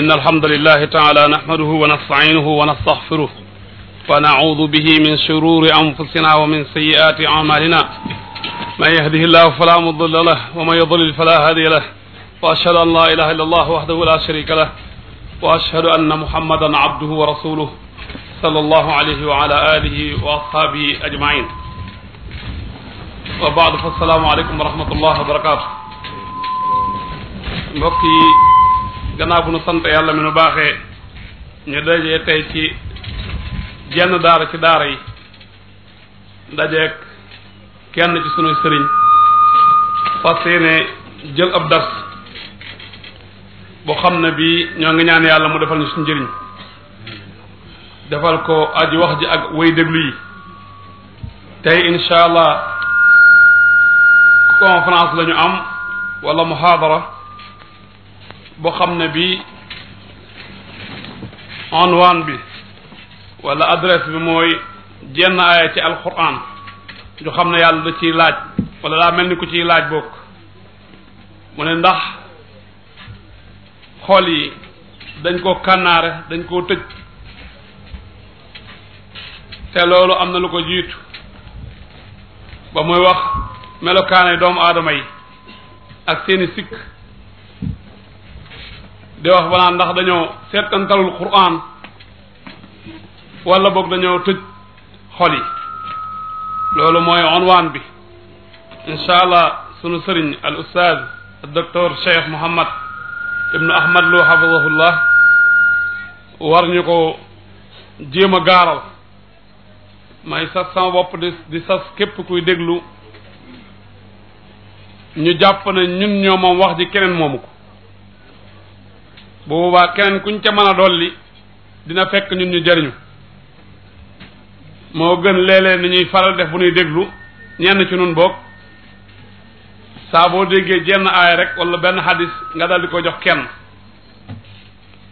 إن الحمد لله تعالى نحمده ونستعينه ونستغفره ونعوذ به من شرور أنفسنا ومن سيئات أعمالنا من يهده الله فلا مضل له ومن يضلل فلا هادي له وأشهد أن لا إله إلا الله وحده لا شريك له وأشهد أن محمدا عبده ورسوله صلى الله عليه وعلى آله وأصحابه أجمعين وبعد فالسلام عليكم ورحمة الله وبركاته mbokk yi gannaaw bu nu sant yàlla mi nu baaxee ñu dajee tey ci genn daara ci daara yi dajeek kenn ci sunu sëriñ fas yéene jël ab dars boo xam ne bii ñoo ngi ñaan yàlla mu defal ñu suñu njëriñ defal ko aji wax ji ak way déglu yi tey incha allah conférence am walla muhaadara boo xam ne bii onwaan bi wala adresse bi mooy jenn aaya ci alquran ñu xam ne yàlla da ciy laaj wala daa mel ni ku ciy laaj bokk mu ne ndax xool yi dañ koo kànnaare dañ koo tëj te loolu am na lu ko jiitu ba muy wax melokaane doomu aadama yi ak seeni sikk di wax balaa ndax dañoo seetantalul Qur'an wala boog dañoo tëj xol yi loolu mooy onwaan bi incha sunu sëriñ al ustaaz al docteur Cheikh Mouhamad ibnu Ahmad Lo hafidahullah war ñu ko jéem a gaaral may sas sama bopp di sas képp kuy déglu ñu jàpp ne ñun ñoo moom wax ji keneen moomu bu boobaa keneen kuñ ca mën a dolli dina fekk ñun ñu jariñu moo gën léeg-léeg ni ñuy faral def bu ñuy déglu ñenn ci nun boog saa boo déggee jenn aaya rek wala benn xadis nga dal di ko jox kenn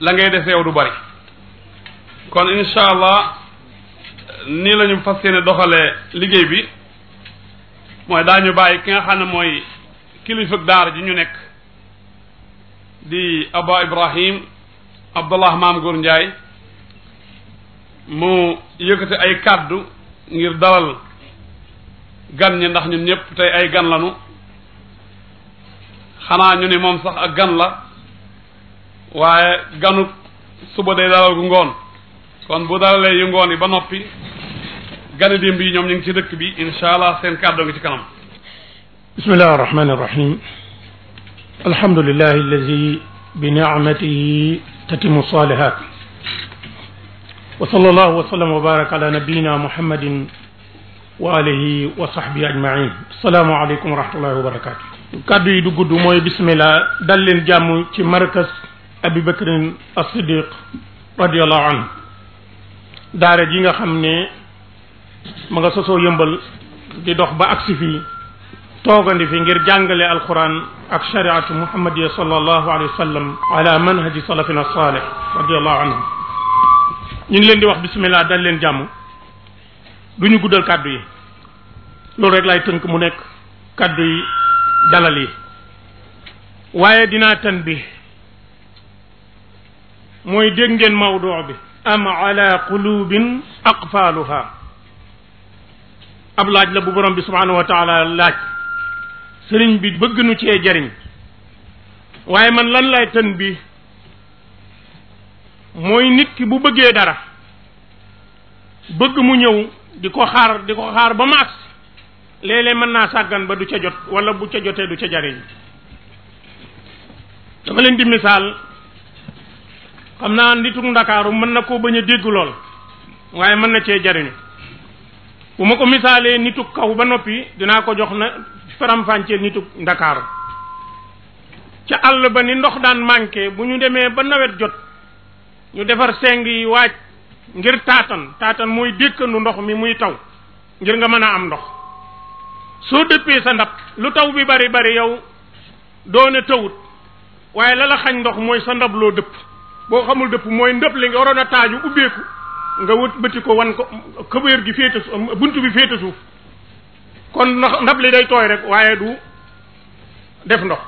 la ngay def yow du bari kon incha allah nii la ñu fas yéene doxalee liggéey bi mooy daañu bàyyi ki nga xam ne mooy kilifa daar ji ñu nekk di Aba Ibrahim Abdallah Maam Góor Njaay mu yëkkati ay kàddu ngir dalal gan ñi ndax ñun ñëpp tey ay gan lanu xanaa ñu ni moom sax ak gan la waaye ganu suba dee dalal gu ngoon kon bu dalalee yu ngoon yi ba noppi gani démb yi ñoom ñu ngi ci dëkk bi incha allah seen kàddoo ngi ci kanam bismillahi rahmaani rahim الحمد لله الذي بنعمته تتم الصالحات وصلى الله وسلم وبارك على نبينا محمد وآله وصحبه أجمعين السلام عليكم ورحمة الله وبركاته kàddu yi du gudd mooy bismillah dal leen jàmm ci markas abi bakrin as-siddiq radiyallahu anhu daara ji nga xam ne ma nga sosoo yëmbal di dox ba agsi fii toogandi fi ngir jàngale alquran ak shariatu muhammadiya sallallahu alayhi wa sallam ala manhaji salafina salih radiallahu anhum ñu ngi leen di wax bismillah dal leen jàmm du ñu guddal kàddu yi rek lay tënk mu nekk kàddu yi dalal yi waaye dinaa bi mooy dégg ngeen bi am ala qulubin aqfaaluha ab laaj la bu borom bi subhanahu wa sëriñ bi bëgg nu cee jariñ waaye man lan lay tën bi mooy nit ki bu bëggee dara bëgg mu ñëw di ko xaar di ko xaar ba mu agsi léeg-léeg mën naa sàggan ba du ca jot wala bu ca jotee du ca jariñ dama leen di misaal xam naa nitug ndakaaru mën na koo bañ a dégg lool waaye mën na cee jariñ bu ma ko misaalee nitug kaw ba noppi dinaa ko jox na faram-fàccee nitu ndakaaru ca àll ba ni ndox daan manqué bu ñu demee ba nawet jot ñu defar seng yi waaj ngir taatan taatan mooy dékkandu ndox mi muy taw ngir nga mën a am ndox soo dëppee sa ndab lu taw bi bari bari yow doone tawut waaye la la xañ ndox mooy sa ndab loo dëpp boo xamul dëpp mooy ndëpp li nga waroon a taaju ubbeeku nga wët bëti ko wan ko këbeer gi féete bunt bi féete suuf kon ndab li day tooy rek waaye du def ndox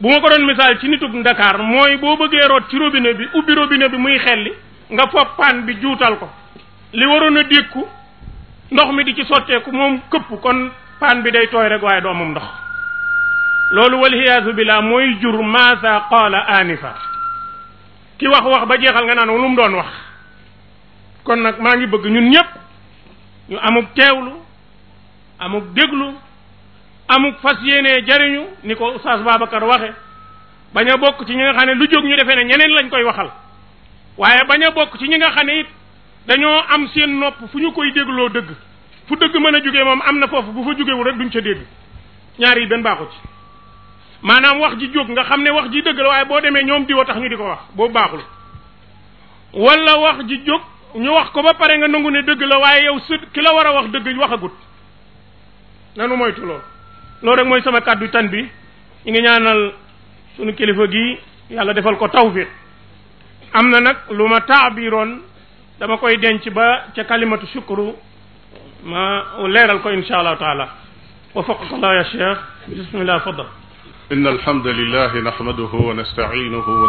bu ma ko doon misaal ci nitub Ndakaar mooy boo bëggee root ci robinet bi ubbi robinet bi muy xelli nga fopp paan bi juutal ko li waroon a dékku ndox mi di ci sotteeku moom këpp kon paan bi day tooy rek waaye du amum ndox loolu waliyaasu billah mooy jur maasa qaala anifa ki wax wax ba jeexal nga naan lu mu doon wax kon nag maa ngi bëgg ñun ñëpp ñu amuk teewlu amuk déglu amuk fas yéene jariñu ni ko Oustaz Babacar waxe bañ a bokk ci ñi nga lu jóg ñu defee ne ñeneen lañ koy waxal waaye bañ a bokk ci ñi nga xam ne dañoo am seen nopp fu ñu koy dégloo dëgg fu dëgg mën a jógee moom am na foofu bu fa jógewul rek duñ ca dégg ñaari yi benn baaxu ci maanaam wax ji jóg nga xam ne wax ji dëgg la waaye boo demee ñoom diwa tax ñu di ko wax boobu baaxul wala wax ji jóg ñu wax ko ba pare nga nangu ne dëgg la waaye yow sët ki la war a wax dëgg waxagut nanu moytu lool loolu rek mooy sama kàddu tan bi ñu ngi ñaanal sunu kilifa gi yàlla defal ko tawfiq am na nag lu ma taabiroon dama koy denc ba ca kalimatu shukru ma leeral ko insha allahu taala ko allah ya cheikh bismillah fadal inna alhamda lilah nahmaduhu wa nastainuhu wa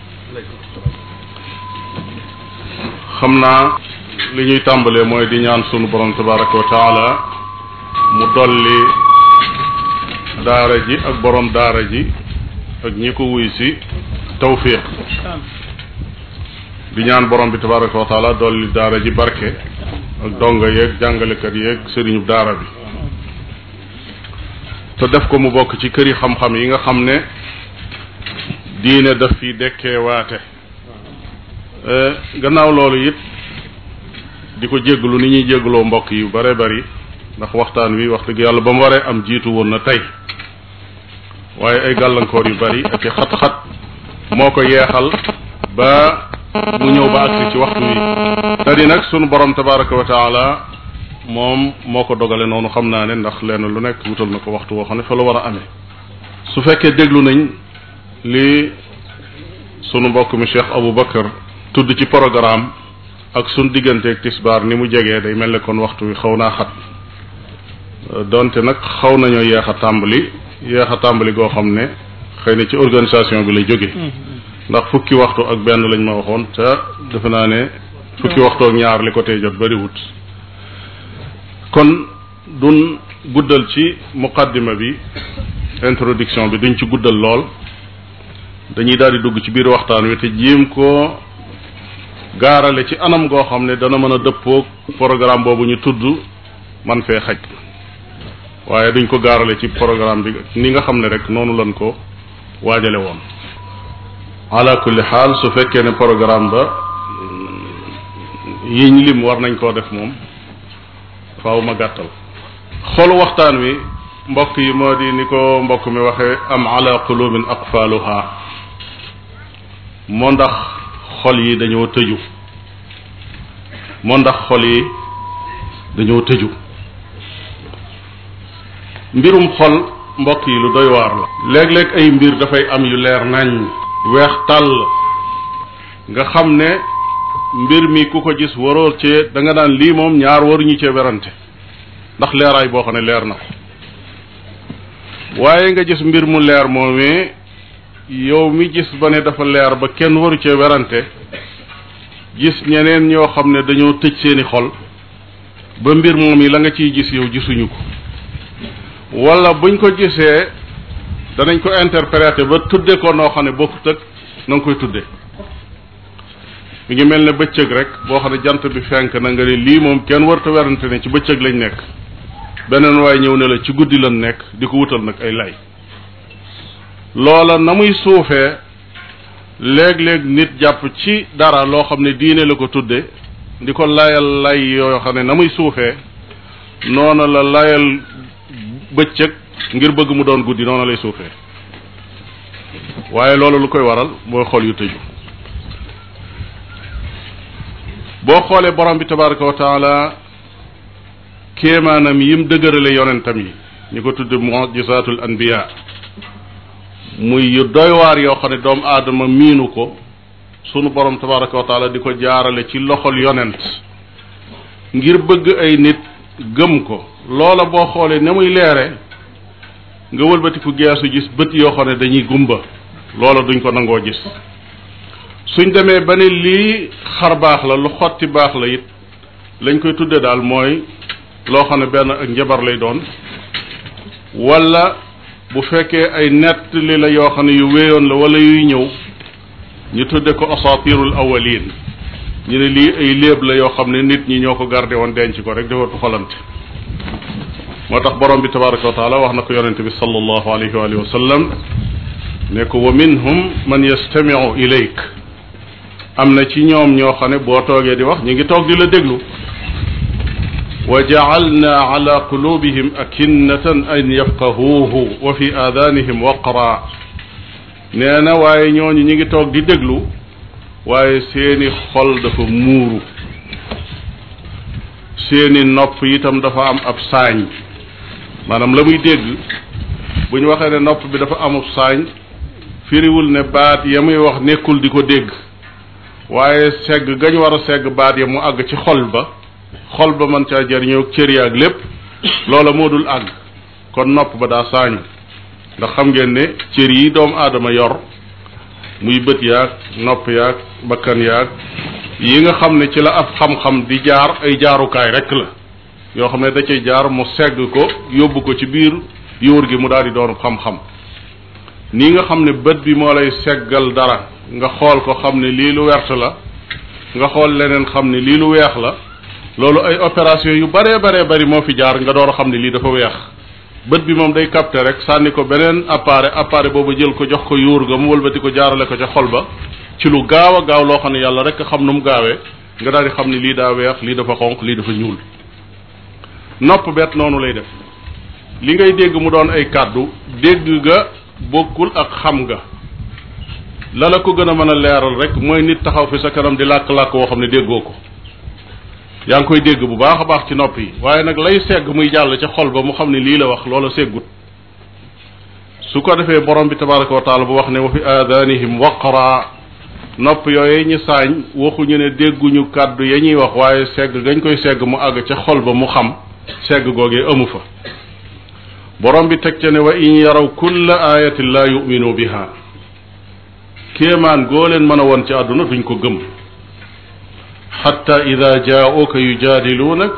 xam naa li ñuy tàmbalee mooy di ñaan sunu borom tabaraka wa taala mu dolli daara ji ak borom daara ji ak ñi ko wuy si tawfiq di ñaan borom bi tabaraka wa dolli daara ji barke ak donga yeeg jàngalekat yeeg sëriñu daara bi te def ko mu bokk ci këri xam-xam yi nga xam ne diine daf fi dekkeewaate Euh, gannaaw loolu it di ko jégglu ni ñuy jéggloo mbokk yu bare bari ndax waxtaan wi wax dëgg yàlla ba mu waree am jiitu woon na tey waaye ay gàllankoor yu bari ak i xat-xat moo ko yeexal ba mu ñëw ba agsi ci waxtu wi te di nag sunu borom tabaraka wa taala moom moo ko dogale noonu xam naa ne ndax lenn lu nekk wutal na ko waxtu woo xam ne fa la war a amee su fekkee déglu nañ li sunu mbokk mi cheikh abou bakar tudd ci programme ak diggante digganteeg tisbaar ni mu jegee day mel ne kon waxtu wi xaw naa xat euh, donte nag xaw nañoo yeex a tàmbali yeex a tàmbali goo xam ne xëy na ci organisation bi lay jóge mm-hmm. ndax fukki waxtu ak benn lañ ma waxoon te defe naa ne fukki mm-hmm. waxtu ñaar li ko tey jot bariwut kon duñ guddal ci muqaddima bi introduction bi duñ ci guddal lool dañuy daal di dugg ci biir waxtaan wi te jéem koo gaarale ci anam goo xam ne dana mën a dëppook programme boobu ñu tudd man fee xaj waaye duñ ko gaarale ci programme bi ni nga xam ne rek noonu lañ ko waajale woon ala kulli xaal su fekkee ne programme ba yiñ lim war nañ koo def moom faw ma gàttal xolu waxtaan wi mbokk yi moo di ni ko mbokk mi waxee am ala qulubin aqfaluha moo ndax xol yi dañoo tëju moo ndax xol yi dañoo tëju mbirum xol mbokk yi lu doy waar la léeg-léeg ay mbir dafay am yu leer nañ weex tàll nga xam ne mbir mi ku ko gis waroo cee da nga lii moom ñaar waruñu cee werante ndax leeraay boo xam ne leer na ko waaye nga gis mbir mu leer moomee yow mi gis ba ne dafa leer ba kenn waru cee werante gis ñeneen ñoo xam ne dañoo tëj seeni xol ba mbir moom yi la nga ciy gis yow gisuñu ko wala buñ ko gisee danañ ko interpréter ba tudde ko noo xam ne bokkut ak na nga koy tudde mu ngi mel ne bëccëg rek boo xam ne jant bi fenk na nga ne lii moom kenn warta werante ne ci bëccëg lañ nekk beneen waay ñëw ne la ci guddi lan nekk di ko wutal nag ay lay loola na muy suufee léeg-léeg nit jàpp ci dara loo xam ne diine la ko tudde di ko layal lay yoo xam ne na muy suufee noona la layal bëccëg ngir bëgg mu doon guddi noona lay suufee waaye loolu lu koy waral mooy xool yu tëju boo xoolee borom bi tabaraka wa taala kéemaanam yim dëgërale yonentam yi ñu ko tudde mujisatul anbiya muy yu yoo xam ne doomu aadama miinu ko sunu borom tabaraka wa taala di ko jaarale ci loxol yonent ngir bëgg ay nit gëm ko loola boo xoolee ne muy leere nga wëlbatiku geesu gis bët yoo xam ne dañuy gumba loola duñ ko nangoo gis suñ demee ba ne lii xar baax la lu xotti baax la it lañ koy tudde daal mooy loo xam ne benn ak njabar lay doon wala bu fekkee ay nettali la yoo xam ne yu wéyoon la wala yuy ñëw ñu tudde ko asatirul awalin ñu ne lii ay léeb la yoo xam ne nit ñi ñoo ko gardé woon denc ko rek defatu xolante moo tax borom bi tabaraka wa taala wax na ko yonente bi sallallahu alayhi wa alihi wa sallam ne ko wa minhum man yastamiu ilayk am na ci ñoom ñoo xam ne boo toogee di wax ñu ngi toog di la déglu وجعلنا على قلوبهم أكنة أن يفقهوه وفي آذانهم وقرا nee na waaye ñooñu ñu ngi toog di déglu waaye seeni xol dafa muur seeni nopp yitam dafa am ab saañ maanaam la muy dégg bu ñu waxee ne nopp bi dafa amub saañ firiwul ne baat ya muy wax nekkul di ko dégg waaye segg gañ war a segg baat ya mu àgg ci xol ba xol ba man caa jariñoo cër ya lépp loola moo dul àgg kon nopp ba daa saañu ndax xam ngeen ne cër yi doomu aadama yor muy bët yaag nopp yaag bakkan yaag yi nga xam ne ci la ab xam-xam di jaar ay jaarukaay rekk la yoo xam ne da cay jaar mu segg ko yóbbu ko ci biir yóor gi mu daal di doon xam-xam nii nga xam ne bët bi moo lay seggal dara nga xool ko xam ne lii lu wert la nga xool leneen xam ne lii lu weex la loolu ay opération yu baree baree bari moo fi jaar nga doon a xam ne lii dafa weex bët bi moom day capté rek sànni ko beneen appareil appareil boobu jël ko jox ko yuur ga mu wëlbati ko jaarale ko ca xol ba ci lu gaaw a gaaw loo xam ne yàlla rek xam nu mu gaawee nga daal di xam ne lii daa weex lii dafa xonq lii dafa ñuul nopp bet noonu lay def li ngay dégg mu doon ay kàddu dégg ga bokkul ak xam nga la la ko gën a mën a leeral rek mooy nit taxaw fi sa kanam di làkk-làkk woo xam ne déggoo ko yaa ngi koy dégg bu baax a baax ci nopp yi waaye nag lay segg muy jàll ca xol ba mu xam ne lii la wax loola seggut su ko defee borom bi tabaraka wa taala bu wax ne wa fi aadanihim waqra nopp yooyu ñu saañ waxuñu ne dégguñu kàddu ya ñuy wax waaye segg gañ koy segg mu àgg ca xol ba mu xam segg googee amu fa borom bi teg ca ne wa in yaraw kulla ayatin la yuminu biha kéemaan goo leen mën a woon ci àdduna duñ ko gëm xatta ida jaauka yujaadiluunak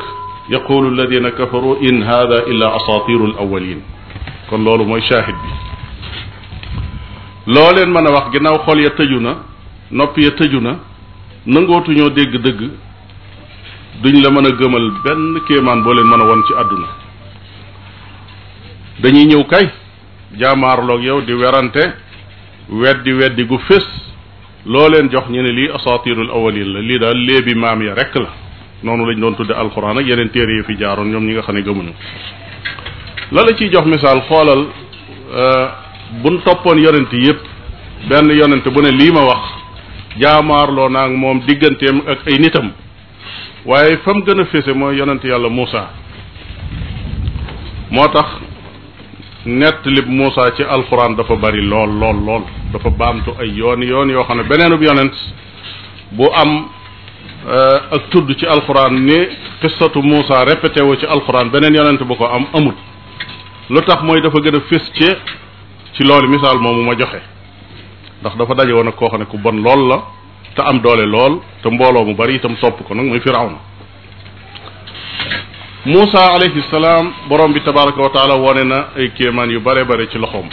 yaqulu alladina kafaru in hada illa asaatiru alawalin kon loolu mooy shaahid bi loo leen mën a wax ginnaaw xool ya tëju na nopp ya tëju na nangootuñoo dégg dëgg duñ la mën a gëmal benn kéemaan boo leen mën a won ci àdduna dañuy ñëw kay jaamaarloog yow di werante weddi weddi gu fés loo leen jox ñu ne lii asatirul awalin la lii daal léebi maam ya rek la noonu lañ doon tudde alxuraan ak yeneen téere yi fi jaaroon ñoom ñi nga xam ne gëmuñu la la ciy jox misaal xoolal euh, bu toppoon yonent yépp benn yonent bu ne lii ma wax jaamaarloo naa ak moom digganteem ak ay nitam waaye fa mu gën a fese mooy yonent yàlla Muusa moo tax nettalib Moussa ci alxuraan dafa bari lool lool lool dafa baamtu ay yoon yoon yoo xam ne beneenub yonent bu am euh, ak tudd ci alxuraan ni qissatu Moussa répété wu ci alxuraan beneen yonent bu ko am amul lu tax mooy dafa gën a fis ci ci loolu misaal moomu ma joxe ndax dafa daje woon ak koo xam ne ku bon lool la te am doole lool te mbooloo mu bari itam topp ko nag muy Firawna Moussa alayhi salaam borom bi tabaraka wa wone na ay kéemaan yu bare bare ci loxoom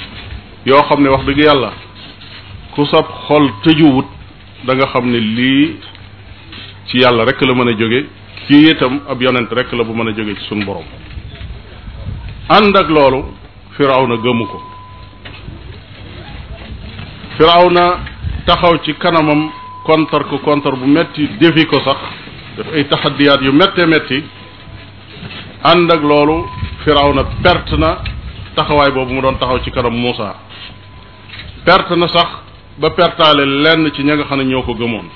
yoo xam ne wax dëgg yàlla ku sab xol tëjuwut da nga xam ne lii ci yàlla rekk la mën a jóge kii itam ab yonent rek la bu mën a jóge ci suñu borom ànd ak loolu Firawna gëmu ko Firawna taxaw ci kanamam kontar ko kontar bu metti defi ko sax def ay taxadiyaat yu mettee metti ànd ak loolu na perte na taxawaay boobu ma doon taxaw ci kanam Muusa perte na sax ba pertaale lenn ci ña nga xam ne ñoo ko gëmoon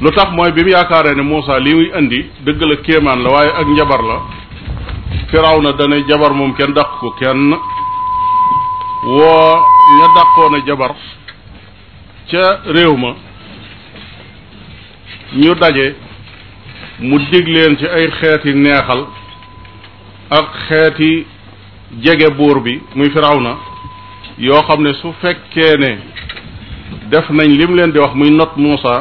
lu tax mooy bi mu yaakaaree ne Muusa li muy indi dëgg la kéemaan la waaye ak njabar la firawna dana jabar moom kenn daq ko kenn woo ña dàqoon a jabar ca réew ma ñu daje mu dig leen ci ay xeeti neexal ak xeeti jege buur bi muy Firawna yoo xam ne su fekkee ne def nañ lim leen di wax muy not Muusa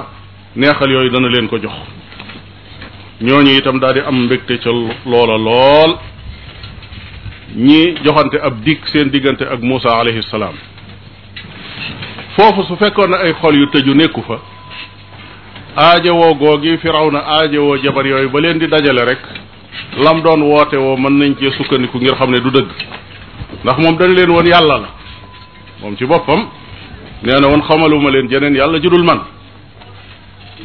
neexal yooyu dana leen ko jox ñooñu itam daal di am mbégte ca loola lool ñi joxante ab dig seen diggante ak Muusa alayhi salaam foofu su fekkoon ne ay xol yu tëju nekku fa aajowoo googi na aajowoo jabar yooyu ba leen di dajale rek lam doon woote woo mën nañ cee sukkandiku ngir xam ne du dëgg ndax moom dañ leen woon yàlla la moom ci boppam nee na woon xamaluma leen jeneen yàlla judul man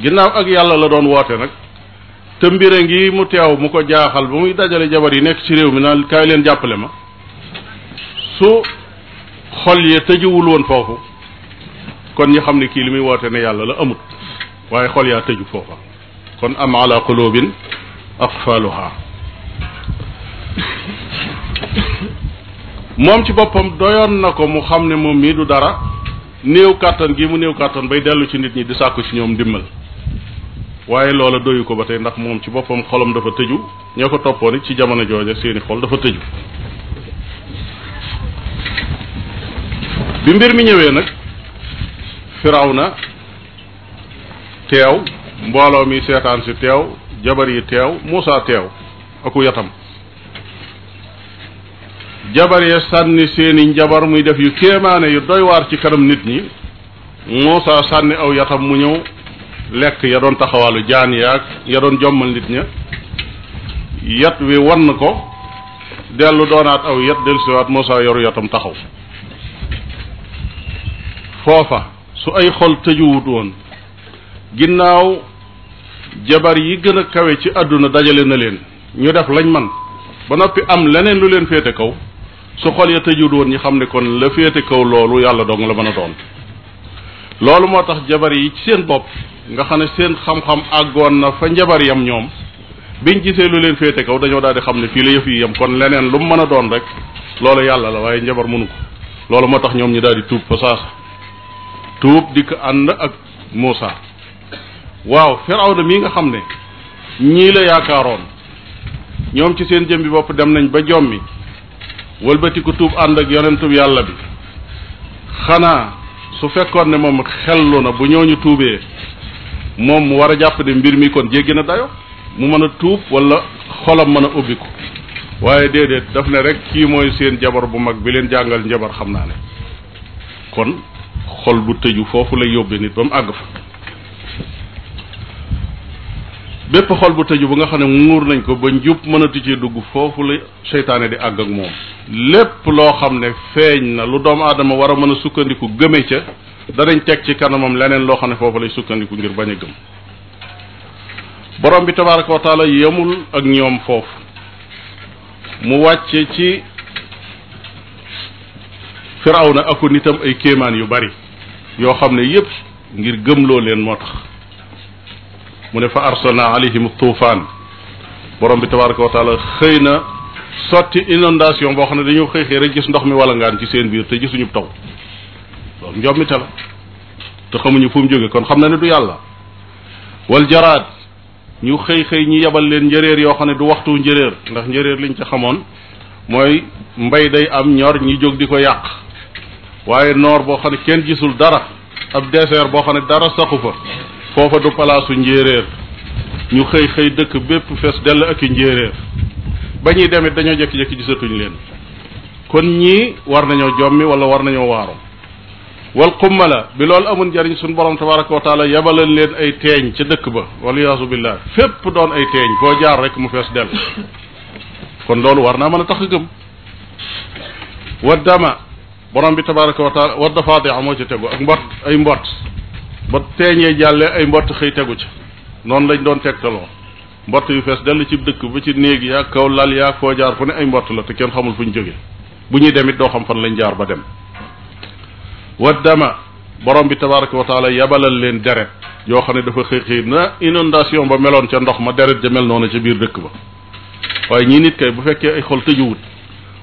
ginnaaw ak yàlla la doon woote nag te mbire ngi mu teew mu ko jaaxal ba muy dajale jabar yi nekk ci réew mi naan kaay leen jàppale ma su xol ye tëjuwul woon foofu kon ñi xam ne kii li muy woote ne yàlla la amut waaye xol yaa tëju foofa kon am ala qulubin aqfaluha moom ci boppam doyoon na ko mu xam ne moom mii du dara néew kàttan gi mu néew kàttan bay dellu ci nit ñi di sàkku ci ñoom ndimbal waaye loola doyu ko ba tey ndax moom ci boppam xolam dafa tëju ñoo ko toppoon it ci jamono jooja seeni xol dafa tëju bi mbir mi ñëwee nag na teew mbooloo mi seetaan si teew jabar yi teew Muusa teew aku yatam jabar ya sànni seeni njabar muy def yu kéemaane yu doy waar ci kanam nit ñi Muusa sànni aw yatam mu ñëw lekk ya doon taxawaalu jaan yaag ya doon jommal nit ña yat wi wann ko dellu doonaat aw yat dellusiwaat Muusa yoru yatam taxaw foofa su ay xol tëjuwut woon ginnaaw jabar yi gën a kawe ci àdduna dajale na leen ñu def lañ man ba noppi am leneen lu leen féete kaw su xol ya tëjul woon ñi xam ne kon la féete kaw loolu yàlla dong la mën a doon loolu moo tax jabar yi ci seen bopp nga xam ne seen xam-xam àggoon na fa njabar yam ñoom biñ gisee lu leen féete kaw dañoo daal di xam ne fii la yëf yi yam kon leneen lu mu mën a doon rek loolu yàlla la waaye njabar mënu ko loolu moo tax ñoom ñu daal di tuub fa saasa tuub ànd ak Muusa waaw firawna mii nga xam ne ñii la yaakaaroon ñoom ci seen jëm bi bopp dem nañ ba jommi wëlbati tuub ànd ak yonentub yàlla bi xanaa su fekkoon ne moom xellu na bu ñu tuubee moom mu war a jàpp ne mbir mi kon jéggi na dayo mu mën a tuub wala xolam mën a ubbi ko waaye déedéet daf ne rek kii mooy seen jabar bu mag bi leen jàngal njabar xam naa ne kon xol bu tëju foofu lay yóbbe nit ba mu àgg fa bépp xol bu tëju bu nga xam ne muur nañ ko ba njub mënatu ci dugg foofu la seytaane di àgg ak moom lépp loo xam ne feeñ na lu doomu aadama war a mën a sukkandiku gëme ca danañ teg ci kanamam leneen loo xam ne foofu lay sukkandiku ngir bañ a gëm borom bi tabaraka wa yemul ak ñoom foofu mu wàcce ci firawna aku nitam ay kéemaan yu bari yoo xam ne yépp ngir gëmloo leen moo tax mu ne fa arsalna alayhim tuufaan borom bi tabaraka wa xëy na sotti inondation boo xam ne dañu xëy xëy rek gis ndox mi walangaan ci seen biir te gisuñu taw loolu njom mi te la te xamuñu fu mu jóge kon xam na ne du yàlla wal jaraad ñu xëy xëy ñu yebal leen njëréer yoo xam ne du waxtu njëréer ndax njëréer liñ ca xamoon mooy mbay day am ñor ñi jóg di ko yàq waaye noor boo xam ne kenn gisul dara ab désert boo xam ne dara saxu fa foofa du palaasu njéeréer ñu xëy xëy dëkk bépp fees dell ak i njéeréer ba ñuy demit dañoo jekki-jekki gisatuñ leen kon ñii war nañoo jommi wala war nañoo waaro wal xummala bi loolu amul njariñ suñu borom tabaraka wa taala leen ay teeñ ca dëkk ba wala yaasu billah fépp doon ay teeñ foo jaar rekk mu fees dell kon loolu war naa mën a tax a gëm wa borom bi tabaraka wa taala wa dafaadia moo ca tegu ak mbot ay mbot ba teeñee jàllee ay mbott xëy tegu ca noonu lañ doon tegtaloo mbott yu fees dellu ci dëkk ba ci néeg yaa kaw lal yaa foo jaar fu ne ay mbott la te kenn xamul fu ñu jóge bu ñuy demit doo xam fan lañ jaar ba dem wa dama borom bi tabaraka wa taala leen deret yoo xam ne dafa xëy xëy na inondation ba meloon ca ndox ma deret ja mel noonu ca biir dëkk ba waaye ñii nit kay bu fekkee ay xol tëjuwut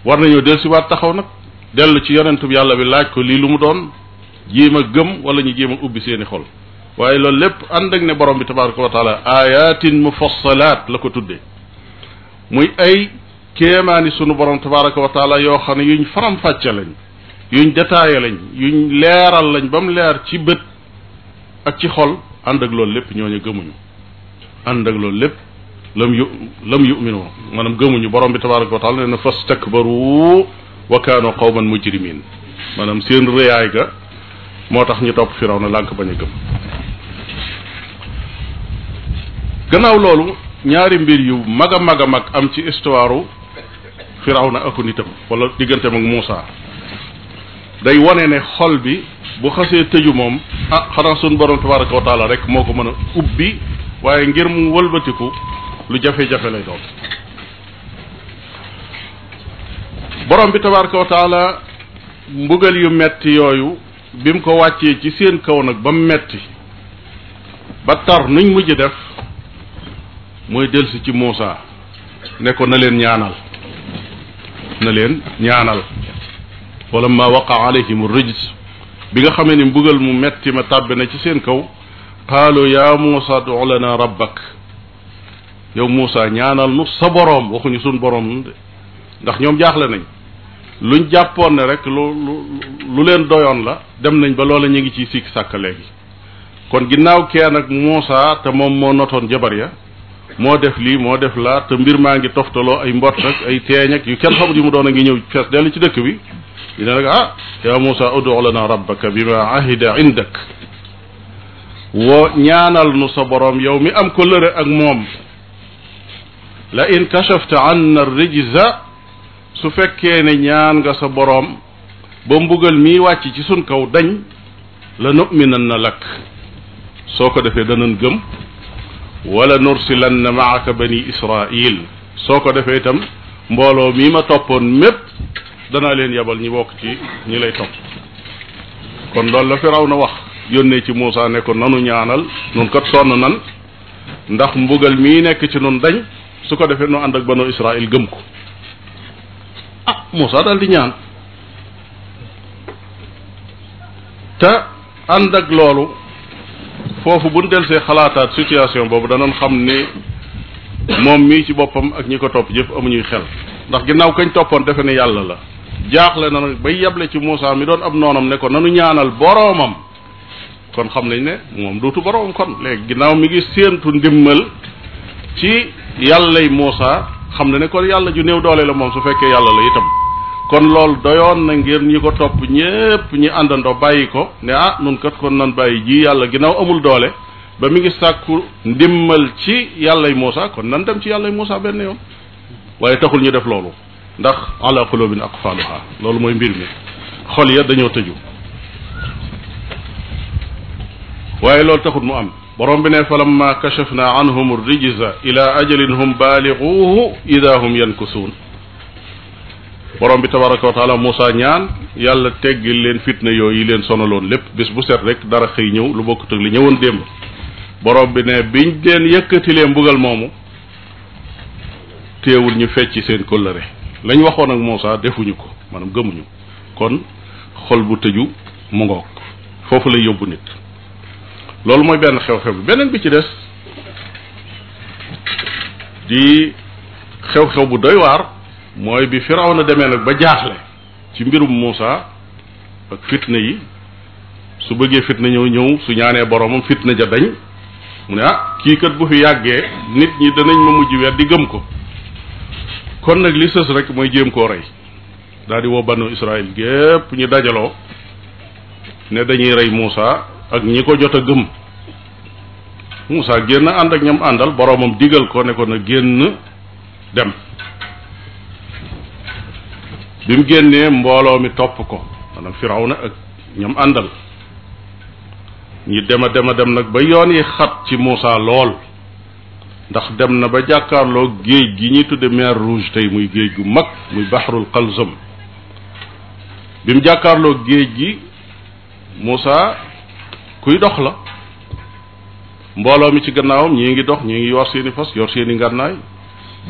war nañoo dellusiwaat taxaw nag dellu ci yonentub yàlla bi laaj ko lii lu mu doon jéem a gëm wala ñu jéem a ubbi seeni xol waaye loolu lépp ànd ak ne borom bi tabaraka wa taala ayatin mufassalaat la ko tuddee muy ay kéemaani sunu borom tabaraka wa taala yoo xam ne yuñ faram-fàcce lañ yuñ détaillé lañ yuñ leeral lañ ba mu leer ci bët ak ci xol ànd ak loolu lépp ñoo ñu gëmuñu ànd ak loolu lépp lam yu lam yuminu maanaam gëmuñu borom bi tabaraka wa taala nee na fastakbaru wa kaanu qawman mujrimin maanaam seen rëyaay ga moo tax ñu topp na lànk bañ a gëm gannaaw loolu ñaari mbir yu mag a mag a mag am ci histoire na ak nitam wala diggante mag Muusa day wane ne xol bi bu xasee tëju moom ah xanaa suñu borom tabaraka wa taala rek moo ko mën a ubbi waaye ngir mu wëlbatiku lu jafe-jafe lay doon borom bi tabaraka wa taala mbugal yu metti yooyu bi mu ko wàccee ci seen kaw nag ba mu metti ba tar nuñ mujj def mooy delsi ci Muusa ne ko na leen ñaanal na leen ñaanal wala ma waqa alayhim rijs bi nga xamee ni mbugal mu metti ma tàbbi na ci seen kaw qaalu ya Muusa du lana rabbak yow Muusa ñaanal nu sa boroom waxuñu sun boroom ndax ñoom jaaxle nañ luñ jàppoon ne rek lu leen doyoon la dem nañ ba loole ñu ngi ci sikk sàkk léegi kon ginnaaw kenn ak Muusa te moom moo notoon jabar ya moo def lii moo def laa te mbir maa ngi toftaloo ay mbott ak ay teeñ ak yu kenn xamut yu mu doon a ngi ñëw fees dellu ci dëkk bi dina rek ah yaa Muusa ud'u lana rabbaka bima ahida yow mi am ko lëre ak moom la in kashafta anna rijza su fekkee ne ñaan nga sa boroom ba mbugal mii wàcc ci suñ kaw dañ la nu'minan na lakk soo ko defee danañ gëm wala nursilanna maaka bani israil soo ko defee itam mbooloo mii ma toppoon mépp danaa leen yabal ñi bokk ci ñi lay topp kon loolu la na wax yónnee ci Muusa ne ko nanu ñaanal nun kat sonn nan ndax mbugal mii nekk ci noonu dañ su ko defee nu ànd ak banu israil gëm ko ah Moussa daal di ñaan te ànd ak loolu foofu bu ñu delsee xalaataat situation boobu danoon xam ne moom mii ci boppam ak ñi ko topp yëpp amuñuy xel ndax ginnaaw kañ toppoon defe ne yàlla la jaaxle na nag bay yeble ci Moussa mi doon ab noonam ne ko nanu ñaanal boroomam kon xam nañ ne moom duutu boroom kon léegi ginnaaw mi ngi séentu ndimmal ci yàllay Moussa xam na ne kon yàlla ju néew doole la moom su fekkee yàlla la itam kon loolu doyoon na ngir ñi ko topp ñépp ñi àndandoo bàyyi ko ne ah nun kat kon nan bàyyi ji yàlla ginnaaw amul doole ba mi ngi sàkku ndimmal ci yàllay Muusa kon nan dem ci yàllay Muusa benn yoon waaye taxul ñu def loolu ndax ala qulubin aqfaluha loolu mooy mbir mi xol ya dañoo tëju waaye loolu taxul mu am borom bi ne falamma kashafna anhum rijza ila ajalin hum baaliguuhu ida hum yankusuun borom bi tabaraka wa taala Moussa ñaan yàlla teggil leen fitna yooyu leen sonaloon lépp bis bu set rek dara xëy ñëw lu bokkut ak li ñëwoon démb borom bi ne biñ leen yëkkatilee mbugal moomu teewul ñu fecc seen kóllëre lañ waxoon ak Moussa defuñu ko maanaam gëmuñu kon xol bu tëju mu ngoog foofu lay yóbbu nit loolu mooy benn xew-xew bi beneen bi ci des di xew-xew bu doy waar mooy bi na demee nag ba jaaxle ci mbirum Muusa ak fitna yi su bëggee fitna ñëw ñëw su ñaanee boromam fitna ja dañ mu ne ah kii kat bu fi yàggee nit ñi danañ ma mujj weer di gëm ko kon nag li sës rek mooy jéem koo rey daal di woo banu Israël gépp ñu dajaloo ne dañuy rey Muusa ak ñi ko jot a gëm Moussa génn ànd ak ñam àndal boroomam digal ko ne ko na génn dem bi génnee mbooloo mi topp ko maanaam Firawna ak ñam àndal ñi dem a dem a dem nag ba yoon yi xat ci Moussa lool ndax dem na ba jàkkaarloo géej gi ñuy tudde mer rouge tey muy géej gu mag muy baxrul qalzum bi jàkkaarloo géej gi Moussa kuy dox la mbooloo mi ci gannaawam ñii ngi dox ñii ngi yor seeni fas yor seeni ngànnaay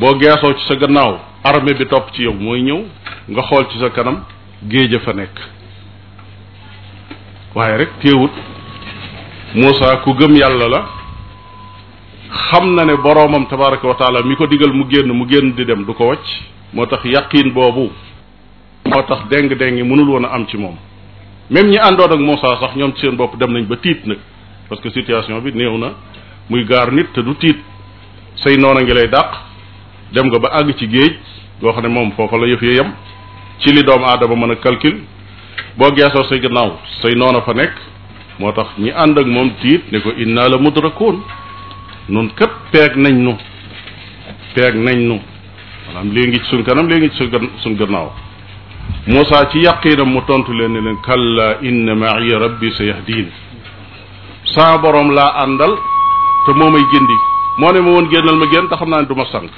boo geesoo ci sa gannaaw armée bi topp ci yow mooy ñëw nga xool ci sa kanam géej a fa nekk waaye rek téewut Moussa ku gëm yàlla la xam na ne boroomam tabaraka wa taala mi ko digal mu génn mu génn di dem du ko wacc moo tax yaqiin boobu moo tax deng-deng yi mënul woon a am ci moom même ñi àndoon ak Moussa sax ñoom seen bopp dem nañ ba tiit nag parce que situation bi néew na muy gaar nit te du tiit say noon a ngi lay dàq dem nga ba àgg ci géej goo xam ne moom foofa la yëf ya ci li doomu aadama mën a calcul boo geesoo say gannaaw say noon a fa nekk moo tax ñi ànd ak moom tiit ne ko in inna la mudrakoon noonu kat peeg nañ nu peeg nañ nu maanaam léegi suñ kanam léegi ci suñ gannaaw Moussa ci yaqiinam mu tontu leen ne leen kalla inna ma'iya rabbi sayahdiin saa borom laa àndal te moo may gindi moo ne ma woon génnal ma génn te xam naa ne du ma sànq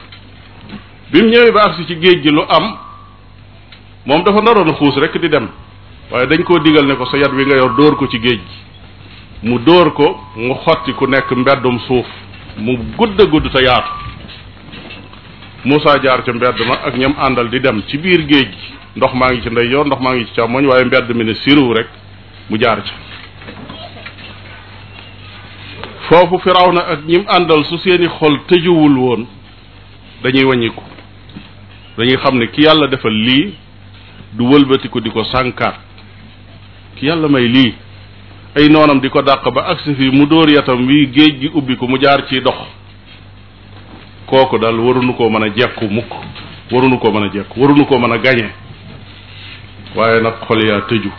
bi mu ñëwee ba agsi ci géej gi lu am moom dafa naroon a xuus rek di dem waaye dañ koo digal ne ko sa yat wi nga yor dóor ko ci géej gi mu dóor ko mu xotti ku nekk mbeddum suuf mu gudd a gudd te yaatu Moussa jaar ca mbedd ma ak ñam àndal di dem ci biir géej gi ndox maa ngi ci ndeyjoor ndox maa ngi ci càmmoñ waaye mbedd mi ne siiruw rek mu jaar ci foofu na ak ñim àndal su seeni xol tëjuwul woon dañuy wàññiku dañuy xam ne ki yàlla defal lii du wëlbatiku di ko sànkaat ki yàlla may lii ay noonam di ko dàq ba agsi fii mu dóor yatam wi géej gi ubbi ko mu jaar ci dox kooku daal waruñu koo mën a jekku mukk waruñu koo mën a jekku waruñu koo mën a gañe waaye nag xol yaa tëju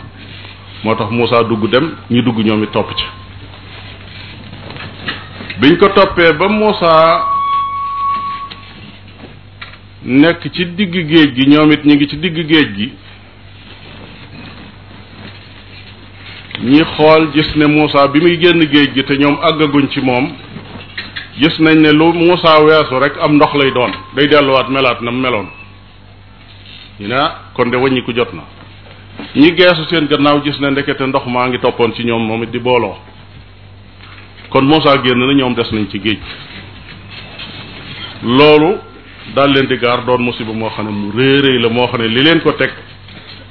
moo tax Moussa dugg dem ñu dugg ñoom it topp ci biñ ko toppee ba Moussa nekk ci digg géej gi ñoom it ñu ngi ci digg géej gi ñi xool gis ne Moussa bi muy génn géej gi te ñoom àggaguñ ci moom gis nañ ne lu Moussa weesu rek am ndox lay doon day delluwaat melaat na meloon ñu ne ah kon de wàññi jot na ñi geesu seen gannaaw gis ne ndekete ndox maa ngi toppoon ci ñoom moom it di booloo kon Moussa génn na ñoom des nañ ci géej loolu daal leen di gaar doon musiba moo xam ne mu réeréy la moo xam ne li leen ko teg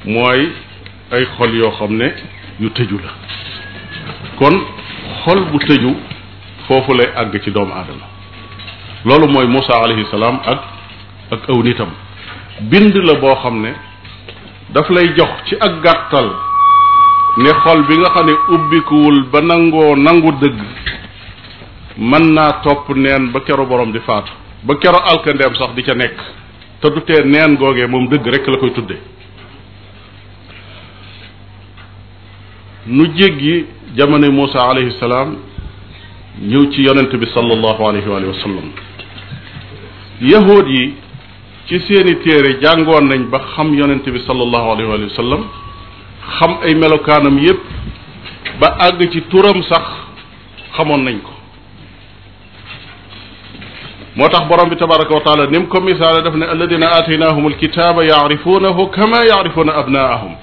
mooy ay xol yoo xam ne yu tëju la kon xol bu tëju foofu lay àgg ci doomu aadama loolu mooy Moussa alayhi ak ak aw nitam bind la boo xam ne daf lay jox ci ak gàttal ne xol bi nga xam ne ubbikuwul ba nangoo nangu dëgg mën naa topp neen ba kero boroom di faatu ba kero alkandeem sax di ca nekk te du tee neen googee moom dëgg rekk la koy tudde nu jéggi jamono Muusa alayhi salaam ñëw ci yonent bi sallallahu alayhi wa sallam yahuud yi ci seeni téere jàngoon nañ ba xam yonent bi sallallahu alayhi wa sallam xam ay melokaanam yépp ba àgg ci turam sax xamoon nañ ko moo tax borom bi tabaraka wa taala ni mu ko misaale daf ne alladina aataynahum alkitaba yaarifunahu kama yaarifuna abnaahum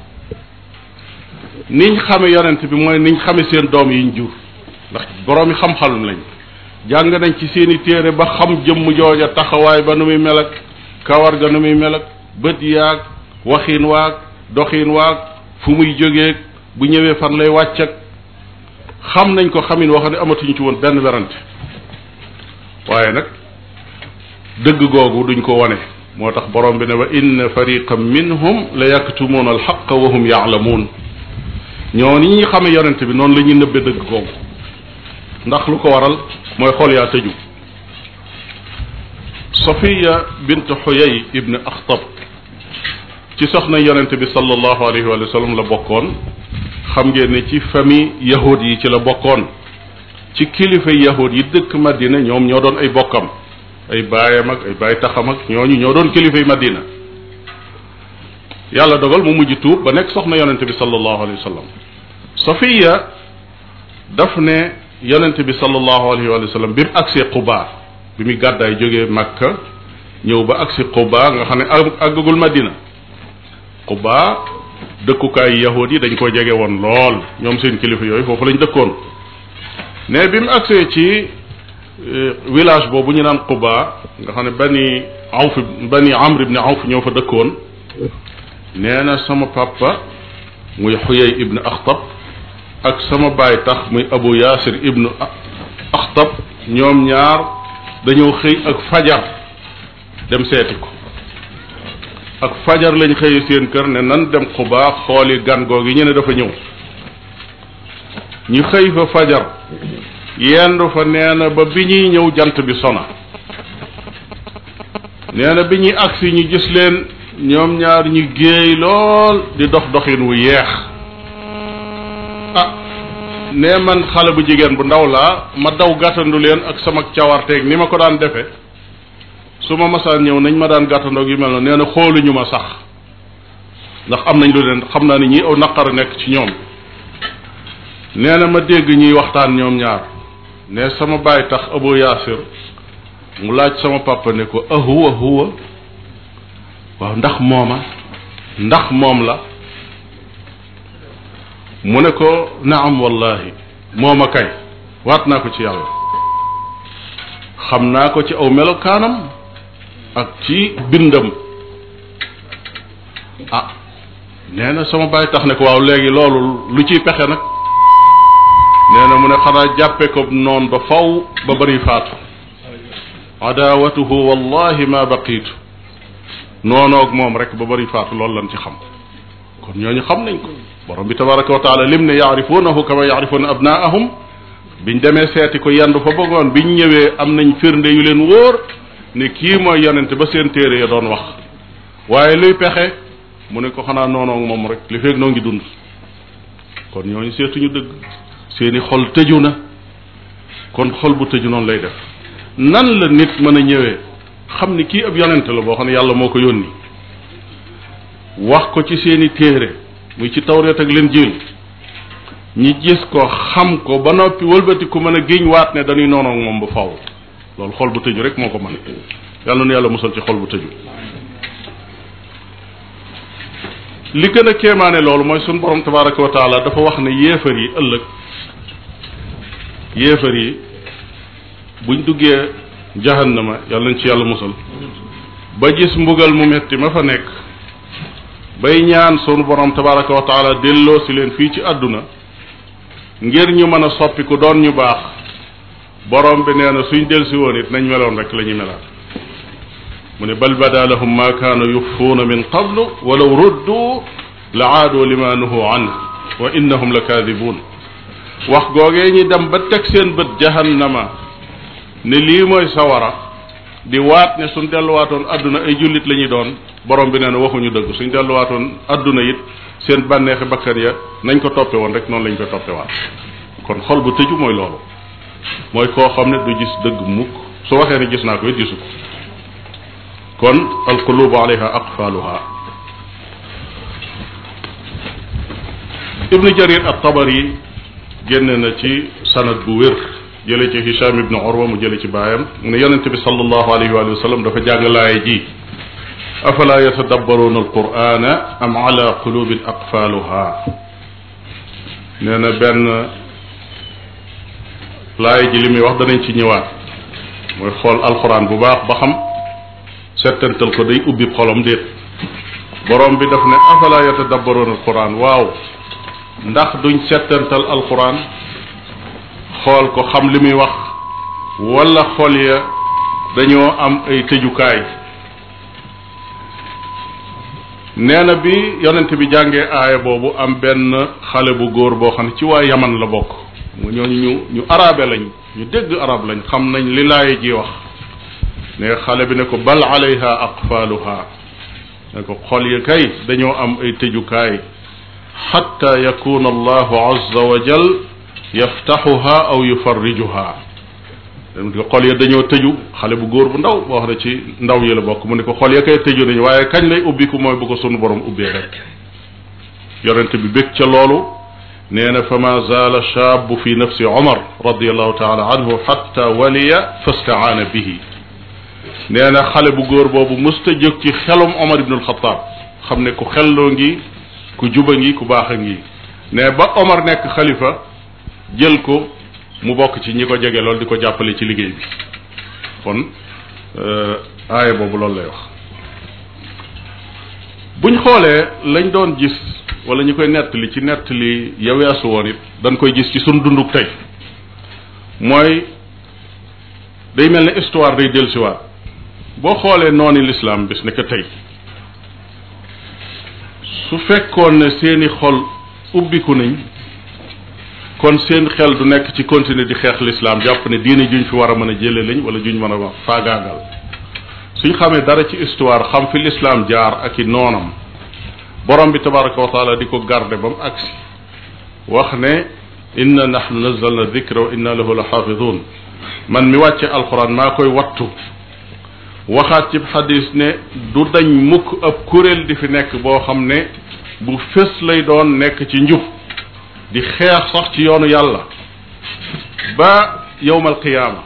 niñ xame yonent bi mooy niñ xame seen doom yiñ jur ndax boroomi xam-xalum lañ jàng nañ ci seeni téere ba xam jëmm jooja taxawaay ba nu muy mel kawar ga na muy mel ak bët yaag waxiin waag doxiin waag fu muy jógeeg bu ñëwee fan lay wàcc xam nañ ko xamin wax ne amatuñu ci woon benn werante waaye nag dëgg googu duñ ko wane moo tax borom bi ne wa inna fariqan minhum la yaktumuuna alxaqa wa hum yaalamuun ñoo ni ñuy xame yonente bi noonu la ñuy nëbbe dëgg googu ndax lu ko waral mooy xol yaa tëju safiya bint xuyay ibn axtab ci soxna yonent bi sallallahu alayhi wa sallam la bokkoon xam ngeen ci famille yahud yi ci la bokkoon ci kilifa yahud yi dëkk madina ñoom ñoo doon ay bokkam ay baayam ak ay baay taxam ak ñooñu ñoo doon kilifay madina yàlla dogal mu mujj tuub ba nekk soxna yonent bi sallallahu alayhi wa sallam safiya daf ne yonent bi sallallahu alayhi wa sallam bi mu agsee bi muy gàddaay jóge Makka ñëw ba agsi Quba nga xam ne àggagul Madina Quba dëkkukaay yahud yi dañ ko jege woon lool ñoom seen kilifa yooyu foofu lañu dëkkoon ne bi mu agsee ci e, village boobu ñu naan Quba nga xam ne bani Awf bani Amr ibn Awf ñoo fa dëkkoon nee na sama papa muy Xuyay ibn Axtab ak sama baay tax muy Abu Yaasir ibn Axtab ñoom ñaar dañoo xëy ak fajar dem seeti ko ak fajar lañ xëyee seen kër ne nan dem xubaa xooli gan googu ñu ne dafa ñëw ñu xëy fa fajar yendu fa nee ba bi ñuy ñëw jant bi sona nee na bi ñuy agsi ñu gis leen ñoom ñaar ñu géey lool di dox doxin wu yeex ne man xale bu jigéen bu ndaw laa ma daw gàttandu leen ak sama caawarteeg ni ma ko daan defe su ma masaan ñëw nañ ma daan gàttandoog yu mel na nee na xooluñu ma sax ndax am nañ lu leen xam naa ne ñii aw naqara nekk ci ñoom nee na ma dégg ñuy waxtaan ñoom ñaar ne sama baay tax Abu Yaasir mu laaj sama papa ko ahuwa huwa waaw ndax mooma ndax moom la mu ne ko naam wallahi moo ma kay waat naa ko ci yàlla xam naa ko ci aw melokaanam ak ci bindam ah nee na sama baay tax ne ko waaw léegi loolu lu ciy pexe nag nee na mu ne xanaa jàppe ko noon ba faw ba bari faatu adaawatuhu wallahi ma baqiitu noonoog moom rek ba bari faatu loolu lan ci xam kon ñooñu xam nañ ko borom bi tabaraka wa taala lim ne yaarifunahu kama yaarifuuna bi ñu demee seeti ko yendu fa bëggoon ñu ñëwee am nañ firnde yu leen wóor ne kii mooy yonente ba seen téere ya doon wax waaye luy pexe mu ne ko xanaa noonoo moom rek li feeg noo ngi dund kon ñooñu seetuñu dëgg seeni xol tëju na kon xol bu tëju noonu lay def nan la nit mën a ñëwee xam ne kii ab yonente la boo xam ne yàlla moo ko yónni wax ko ci seeni téere muy ci tawreet ak leen jiwñ ñi gis ko xam ko ba noppi wëlbati ku mën a giñ waat ne dañuy noonu ak moom ba faw loolu xol bu tëju rek moo ko mën yàlla nu yàlla musal ci xol bu tëju li gën a kéemaane loolu mooy suñu borom tabaraka wa taala dafa wax ne yéefar yi ëllëg yéefar yi buñ duggee jahannama yàlla nañ ci yàlla musal ba gis mbugal mu metti ma fa nekk bay ñaan sunu borom tabaraka wa taala delloo si leen fii ci àdduna ngir ñu mën a soppiku doon ñu baax borom bi nee na suñ delsi woon it nañ meloon rek lañuy ñu melaat mu ne bal bada lahum ma kaanu yuxfuuna min qablu walaw ruddu la aadu lima nuhu an wa innahum la kaadibuun wax googee ñi dem ba teg seen bët jahannama ne lii mooy sawara di waat ne suñ delluwaatoon àdduna ay jullit lañuy doon borom bi nee na waxuñu dëgg suñ delluwaatoon àdduna it seen bànneexi bakkan ya nañ ko toppe woon rek noonu lañ ko toppe waat kon xol bu tëju mooy loolu mooy koo xam ne du gis dëgg mukk su waxee ne gis naa ko it gisu ko kon alqulubu alayha aqfaluha ibnu jarir tabar yi génn na ci sanad bu wér jële ci hisham ibnu orwa mu jële ci baayam mu ne yonente bi sallallahu alayhi wa sallam dafa jàng laaye ji afala yatadabbaruuna alqur'ana am ala qulubin aqfaaluha nee na benn laay ji li muy wax danañ ci ñëwaat mooy xool alxuraan bu baax ba xam settantal ko day ubbi xolam déet borom bi daf ne afala yatadabbaruuna alqur'an waaw ndax duñ settantal alxuraan xool ko xam li muy wax wala xol ya dañoo am ay tëjukaay neena bi yonent bi jàngee aaya boobu am benn xale bu góor boo xam ne ci waa yaman la bokk mu ñooñu ñu ñu arabe lañ ñu dégg arab lañ xam nañ li laay ji wax ne xale bi ne ko bal alayha aqfaaluha ne ko xool yi kay dañoo am ay tëjukaay xatta yakuna allahu azza wa jal yaftaxuha aw yufarrijuha xol ya dañoo tëju xale bu góor bu ndaw boo xam ne ci ndaw yi la bokk mu ne ko xol ya kay tëju nañu waaye kañ lay ubbi ko mooy bu ko sunu borom ubbee rek yonent bi bég ca loolu nee na fa ma zaala shaabu fi nafsi omar radiallahu taala anhu xatta waliya fastaana bihi nee na xale bu góor boobu mësta jóg ci xelum omar ibnul xataab xam ne ku xelloo ngi ku juba ngi ku baax a ngi ne ba omar nekk xalifa jël ko mu bokk ci ñi ko jege lool di ko jàppale ci liggéey bi kon euh, aaya boobu loolu lay wax buñ xoolee lañ doon gis wala ñu koy nettali ci nettali ya woon it dañ koy gis ci suñ dundub tey mooy day mel ni histoire day jël siwaat boo xoolee noonu lislaam bis ne tey su fekkoon ne seeni xol ubbiku nañ kon seen xel du nekk ci continuer di xeex lislaam jàpp ne diine juñ fi war a mën a jëlee lañ wala juñ mën a wax faagaagal suñ xamee dara ci histoire xam fi l'islam jaar ak i noonam borom bi tabaraka wa taala di ko garde ba mu agsi wax ne inna nahnu nazzalna dikra wa inna lahu la xaafidun man mi wàcce alquran koy wattu waxaat ci xadis ne du dañ mukk ab kuréel di fi nekk boo xam ne bu fës lay doon nekk ci njub di xeex sax ci yoonu yàlla ba yowm alqiyaama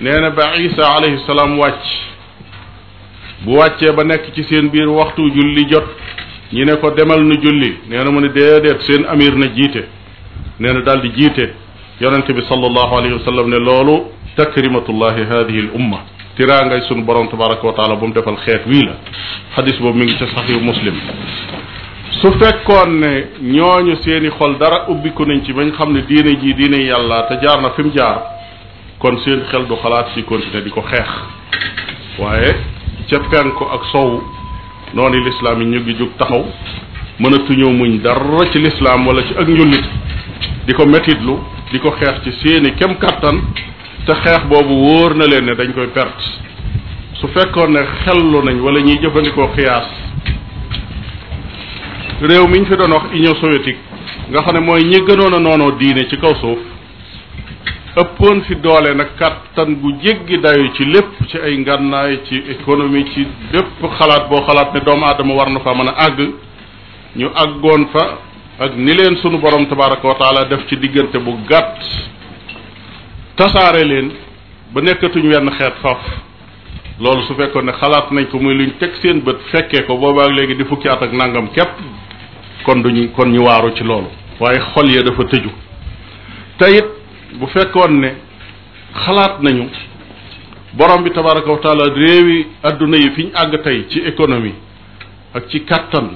nee na ba isa alayhi salaam wàcc bu wàccee ba nekk ci seen biir waxtu julli jot ñi ne ko demal nu julli nee na mu ne déedéet seen amir na jiite nee na daal di jiite yonente bi sallallahu alayhi wa ne loolu takrimatullahi hadihi al umma sunu borom tabaraka wa taala bu defal xeet wii la xadis boobu mi ngi ca saxihu muslim su fekkoon ne ñooñu seeni xol dara ubbiku nañ ci bañ xam ne diine jii diine yàlla te jaar na fi mu jaar kon seen xel du xalaat ci continuer di ko xeex waaye ca penku ak sow noonu lislaam yi ñu ngi jóg taxaw mënatuñoo muñ dara ci lislaam wala ci ak njullit di ko metitlu di ko xeex ci seeni kem kàttan te xeex boobu wóor na leen ne dañ koy perte su fekkoon ne xellu nañ wala ñuy jëfandikoo xiyaas réew mi ñu fi doon wax Union soviétique nga xam ne mooy ñi gënoon a noonoo diine ci kaw suuf ëppoon fi doole nag kàttan gu jéggi dayu ci lépp ci ay ngànnaay ci économie ci lépp xalaat boo xalaat ne doomu aadama war na fa mën a àgg ñu àggoon fa ak ni leen sunu boroom tabaraka wa def ci diggante bu gàtt tasaare leen ba nekkatuñ wenn xeet faf loolu su fekkoon ne xalaat nañ ko muy luñ teg seen bët fekkee ko boobaak léegi di fukki at ak nangam képp kon duñu kon ñu waaru ci loolu waaye xol ya dafa tëju te it bu fekkoon ne xalaat nañu borom bi tabaraka wa taala réewi àdduna yi fi ñu àgg tey ci économie ak ci kàttan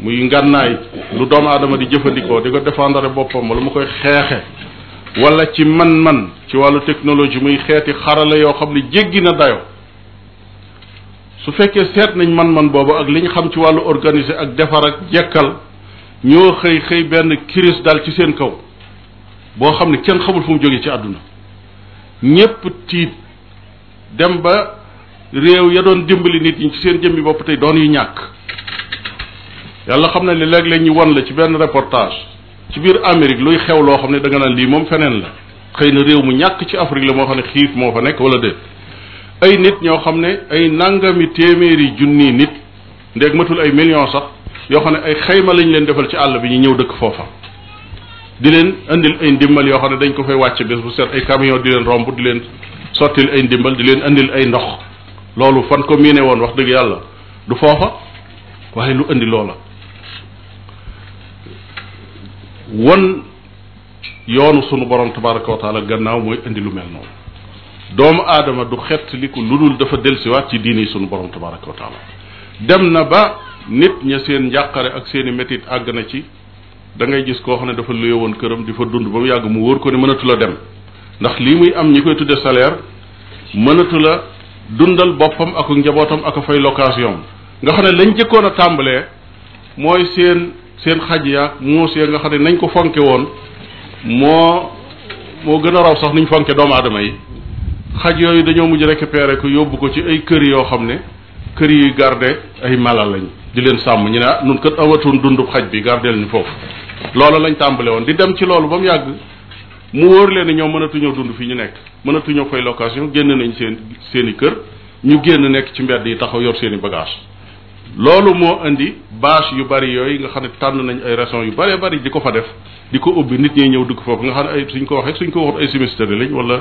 muy ngànnaay lu doom aadama di jëfandikoo di ko défendre boppam wala mu koy xeexe wala ci man-man ci wàllu technologie muy xeeti xarala yoo xam ne jéggi na dayo su fekkee seet nañ man-man boobu ak li ñu xam ci wàllu organiser ak defar ak jekkal ñoo xëy xëy benn crise dal ci seen kaw boo xam ne kenn xamul fu mu jógee ci àdduna ñépp tiit dem ba réew ya doon dimbali nit ñi ci seen jëmmi bopp tey doon yu ñàkk yàlla xam na ne léeg-léeg ñu won la ci benn reportage ci biir Amérique luy xew loo xam ne da nga naan lii moom feneen la xëy na réew mu ñàkk ci Afrique la moo xam ne xiif moo fa nekk wala déet ay nit ñoo xam ne ay nangami téeméeri junni nit ndéeg matul ay millions sax yoo xam ne ay xayma lañ leen defal ci àll bi ñu ñëw dëkk foofa di leen indil ay ndimbal yoo xam ne dañ ko fay wàcc bés bu set ay camion di leen romb di leen sottil ay ndimbal di leen indil ay ndox loolu fan ko miine woon wax dëgg yàlla du foofa waaye lu indi loola won yoonu sunu borom tabaraka wa gannaaw mooy indi lu mel noonu doomu aadama du xett lu dul dafa delsiwaat ci diini sunu borom tabaraka wa dem na ba nit ña seen njàqare ak seeni i métit àgg na ci da ngay gis koo xam ne dafa luye woon këram di fa dund ba mu yàgg mu wóor ko ne mënatu la dem ndax lii muy am ñi koy tudde salaire mënatu la dundal boppam ak njabootam ak fay location nga xam ne lañ jëkkoon a tàmbalee mooy seen seen xaj yaag muus ya nga xam ne nañ ko fonke woon moo moo gën a raw sax niñ fonke doomu aadama yi xaj yooyu dañoo mujj récupéré ko yóbbu ko ci ay kër yoo xam ne kër yi garde ay mala lañ di leen sàmm ñu ne ah nun kat awatuun dundub xaj bi gardeel ñu foofu loolu lañ tàmbale woon di dem ci loolu ba mu yàgg mu wóor leen ne ñoom mënatuñoo dund fi ñu nekk mënatuñoo fay location génn nañ seen seen kër ñu génn nekk ci mbedd yi taxaw yor seen i bagage loolu moo indi bâche yu bari yooyu nga xam ne tànn nañ ay raison yu bare bari di ko fa def di ko ubbi nit ñi ñëw dugg foofu nga xam ne ay suñ ko waxee suñ ko waxut ay semestre lañ wala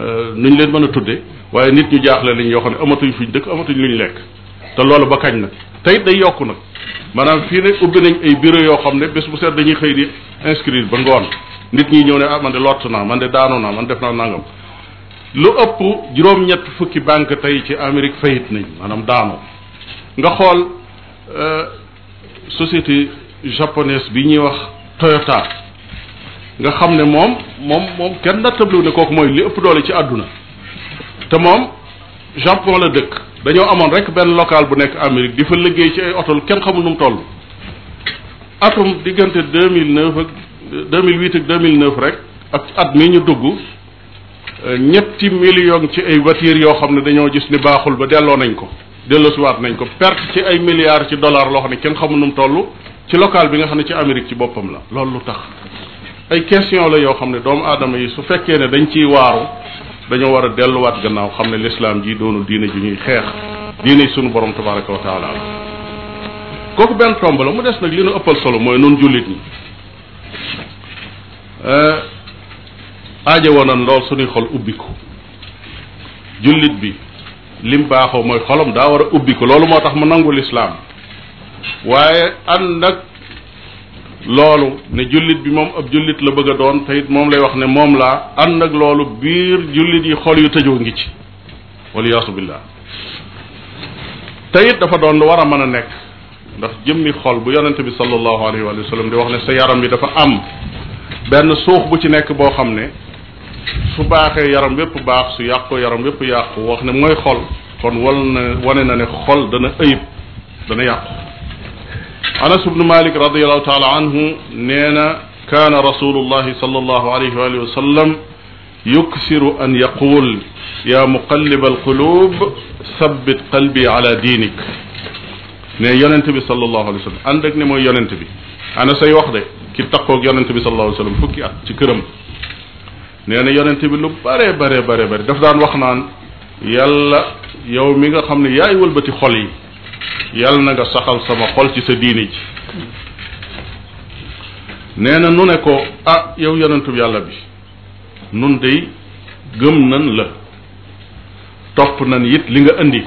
euh, nuñ leen mën a tudde waaye nit ñu jaaxle lañ yoo xam ne amatuñ fuñ dëkk amatuñ luñ lekk te loolu ba kañ nag tey day yokku nag maanaam fii ne ubbi nañ ay bureau yoo xam ne bés bu set dañuy xëy di inscrire ba ngoon nit ñi ñëw ne ah man de lott naa man de daanu naa man def naa nangam lu ëpp juróom-ñett fukki banque tey ci Amérique fayit nañ maanaam daanu nga xool euh, société japonaise bi ñuy wax Toyota nga xam ne moom moom moom kenn nattabliwu ne kooku mooy li ëpp doole ci àdduna te moom Japon la dëkk dañoo amoon rek benn local bu nekk Amérique di fa liggéey ci ay oto kenn xamul nu mu toll atum diggante deux mille neuf ak deux mille huit ak mille neuf rek ak at mi ñu dugg euh, ñetti million ci ay voitures yoo xam ne dañoo gis ni baaxul ba delloo nañ ko si delloosiwaat nañ ko perte ci ay milliards ci dollars loo xam ne kenn xamul nu mu toll ci local bi nga xam ne ci Amérique ci boppam la loolu lu tax ay question la yoo xam ne doomu aadama yi su fekkee ne dañ ciy waaru dañoo war a delluwaat gannaaw xam ne lislaam ji doonu diine ju ñuy xeex diine suñu borom tabaraka wa taala kooku benn tomb la mu des nag li nu ëppal solo mooy nun jullit ñi eh, aaja wonan lool suñuy xol ubbi ko jullit bi lim baaxoo mooy xolam daa war a ubbi ko loolu moo tax mu nangu lislaam waaye ànd nag loolu ne jullit bi moom ab jullit la bëgg a doon te moom lay wax ne moom laa ànd ak loolu biir jullit yi xol yu tëjoo ngi ci waliyaasu billaah te it dafa doon lu war a mën a nekk ndax jëmmi xol bu yonente bi sallallahu alayhi wa sallam di wax ne sa yaram bi dafa am benn suux bu ci nekk boo xam ne su baaxee yaram wépp baax su yàqoo yaram wépp yàqu wax ne mooy xol kon wal na na ne xol dana ëyib dana yàqu anas bnu malik radiallahu taala anhu nee na kaana rasulullahi sal allahu alayhi wa alihi wa sallam yuksiru an yaqul yaa muqallib alqulub sabbit qalbi ala diinik ne yonent bi sallallahu alayhi wa sallam ànd ak ne mooy yonent bi ana say wax de ki taqoog yonent bi sallallahu alayhi wa sallam fukki at ci këram nee na yonent bi lu bare bare bare bare daf daan wax naan yàlla yow mi nga xam ne yaay wëlbati xol yi yal na nga saxal sama xol ci sa diini ji nee na nu ne ko ah yow yonentub yàlla bi nun dey gëm nan la topp nan it li nga indi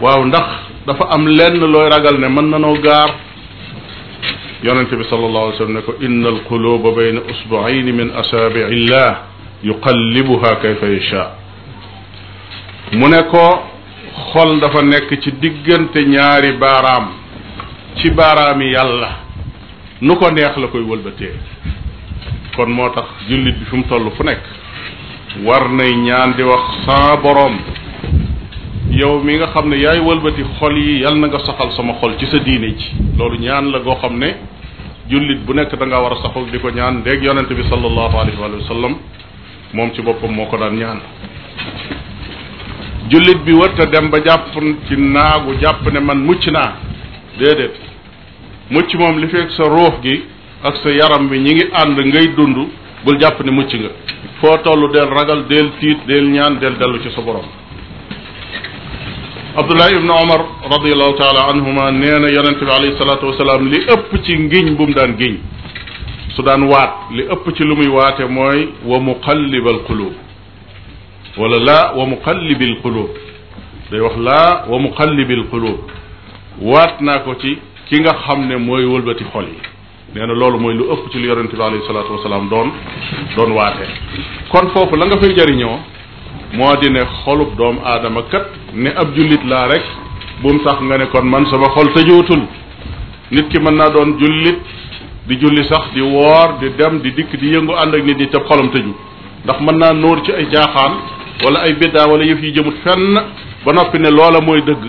waaw ndax dafa am lenn looy ragal ne mën nanoo gaar yonente bi sallallahu alayhi wa sallam ne ko inna alquluba bayna usbuayni min asaabiillah yuqallibuha kayfa yasha mu ne ko xol dafa nekk ci diggante ñaari baaraam ci baaraami yàlla nu ko neex la koy wëlbatee kon moo tax jullit bi fu mu toll fu nekk war nay ñaan di wax saa boroom yow mi nga xam ne yaay wëlbati xol yi yal na nga saxal sama xol ci sa diine ji loolu ñaan la goo xam ne jullit bu nekk da ngaa war a saxal di ko ñaan ndéeg yonente bi sallallahu alayhi wa sallam moom ci boppam moo ko daan ñaan jullit bi wërta dem ba jàpp ci naagu jàpp ne man mucc naa déedéet mucc moom li fekk sa ruux gi ak sa yaram bi ñu ngi ànd ngay dund bul jàpp ne mucc nga foo toll del ragal del tiit del ñaan del dellu ci sa borom abdullah ibnu omar radiallahu taala anhuma nee na yonente bi alayhi salatu wasalaam li ëpp ci ngiñ bu mu daan giñ su daan waat li ëpp ci lu muy waate mooy wa muqallibal qulub wala laa wa muqallibil qulub wax laa wa muqallibil qulub waat naa ko ci ki nga xam ne mooy wëlbati xol yi nee na loolu mooy lu ëpp ci lu yonente bi alayhi salaatu wasalaam doon doon waate kon foofu la nga fay jariñoo moo di ne xolub doomu aadama kat ne ab jullit laa rek bum tax nga ne kon man sama xol tëjootul nit ki mën naa doon jullit di julli sax di woor di dem di dikk di yëngu ànd ak nit ñi te xolam tëju ndax mën naa nóor ci ay jaaxaan wala ay biddaa wala yëf yi jëmut fenn ba noppi ne loola mooy dëgg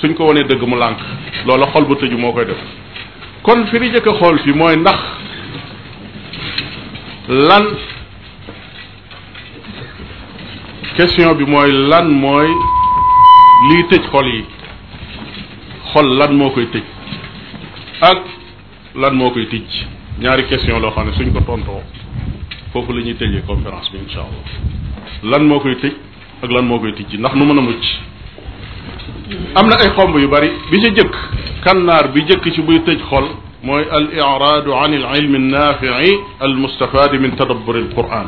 suñ ko wanee dëgg mu lànk loola xol bu tëju moo koy def kon fi ñu jëkk a xool fi mooy ndax lan question bi mooy lan mooy liy tëj xol yi xol lan moo koy tëj ak lan moo koy tijj ñaari question loo xam ne suñ ko tontoo foofu la ñuy tëjee conférence bi incha allah lan moo koy tëj ak lan moo koy tijji ndax nu mën a mucc am na ay xomb yu bari bi ci jëkk kannaar bi jëkk ci buy tëj xol mooy al iraadu an al ilmi nafii al mustafaadi min tadabbur al quran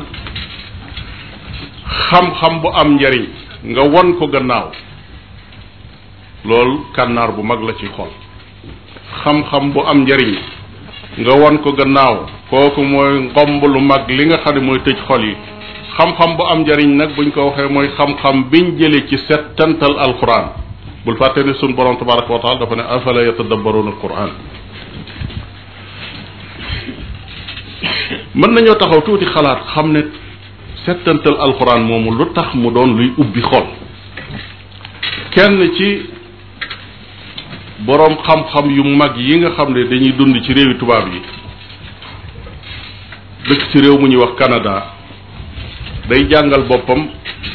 xam-xam bu am njariñ nga won ko gannaaw loolu kànnaar bu mag la ci xol xam-xam bu am njariñ nga won ko gannaaw kooku mooy ngomb lu mag li nga xam ne mooy tëj xol yi xam-xam bu am njariñ nag buñ ko waxee mooy xam-xam biñ jëlee ci settantal alquran bul fàtte ne sun borom tabaraka wa taala dafa ne afala yatadabbaruuna alquran mën nañoo taxaw tuuti xalaat xam ne settantal alquran moomu lu tax mu doon luy ubbi xol kenn ci boroom xam-xam yu mag yi nga xam ne dañuy dund ci réewi tubaab yi dëkk ci réew mu ñuy wax kanadaa day jàngal boppam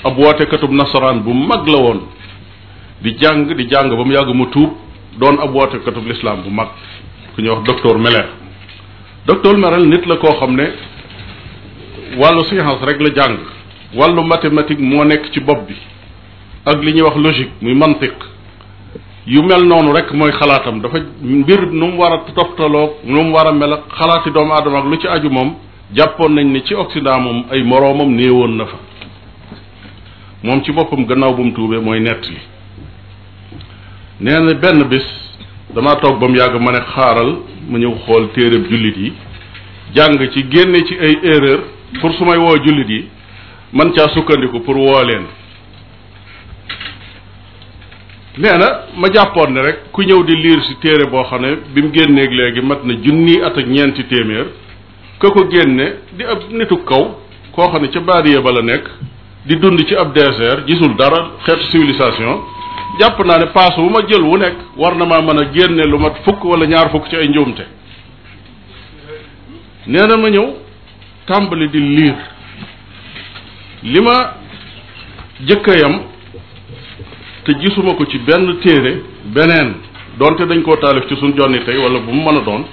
ab wootekatub nasaraan bu mag la woon di jàng di jàng ba mu yàgg mu tuub doon ab wootekatub lislaam bu mag ku ñuy wax docteur Meller docteur Meller nit la koo xam ne wàllu science rek la jàng wàllu mathématique moo nekk ci bopp bi ak li ñuy wax logique muy mantiq yu mel noonu rek mooy xalaatam dafa mbir nu mu war a toftaloo nu mu war a mel ak xalaati doomu aadama ak lu ci aju moom jàppoon nañ ne ci Occident moom ay moroomam néewoon na fa moom ci boppam gannaaw bu mu tuubee mooy nett li nee na benn bis dama toog ba mu yàgg ma ne xaaral ma ñëw xool téereb jullit yi jàng ci génne ci ay erreur pour su may woo jullit yi man caa sukkandiku pour woo leen nee na ma jàppoon ne rek ku ñëw di liir si téere boo xam ne bi mu génneek léegi mat na junni at ak ñeenti téeméer ka ko génne di ab nitu kaw koo xam ne ca baadiya ba la nekk di dund ci ab désert gisul dara xeet civilisation jàpp naa ne paas bu ma jël wu nekk war na maa mën a génne lu mat fukk wala ñaar fukk ci ay njuumte nee na ma ñëw tàmbali di liir li ma jëkkëyam te gisuma ko ci benn téere beneen donte dañ koo taalif ci suñ jonni tey wala bu mu mën a doon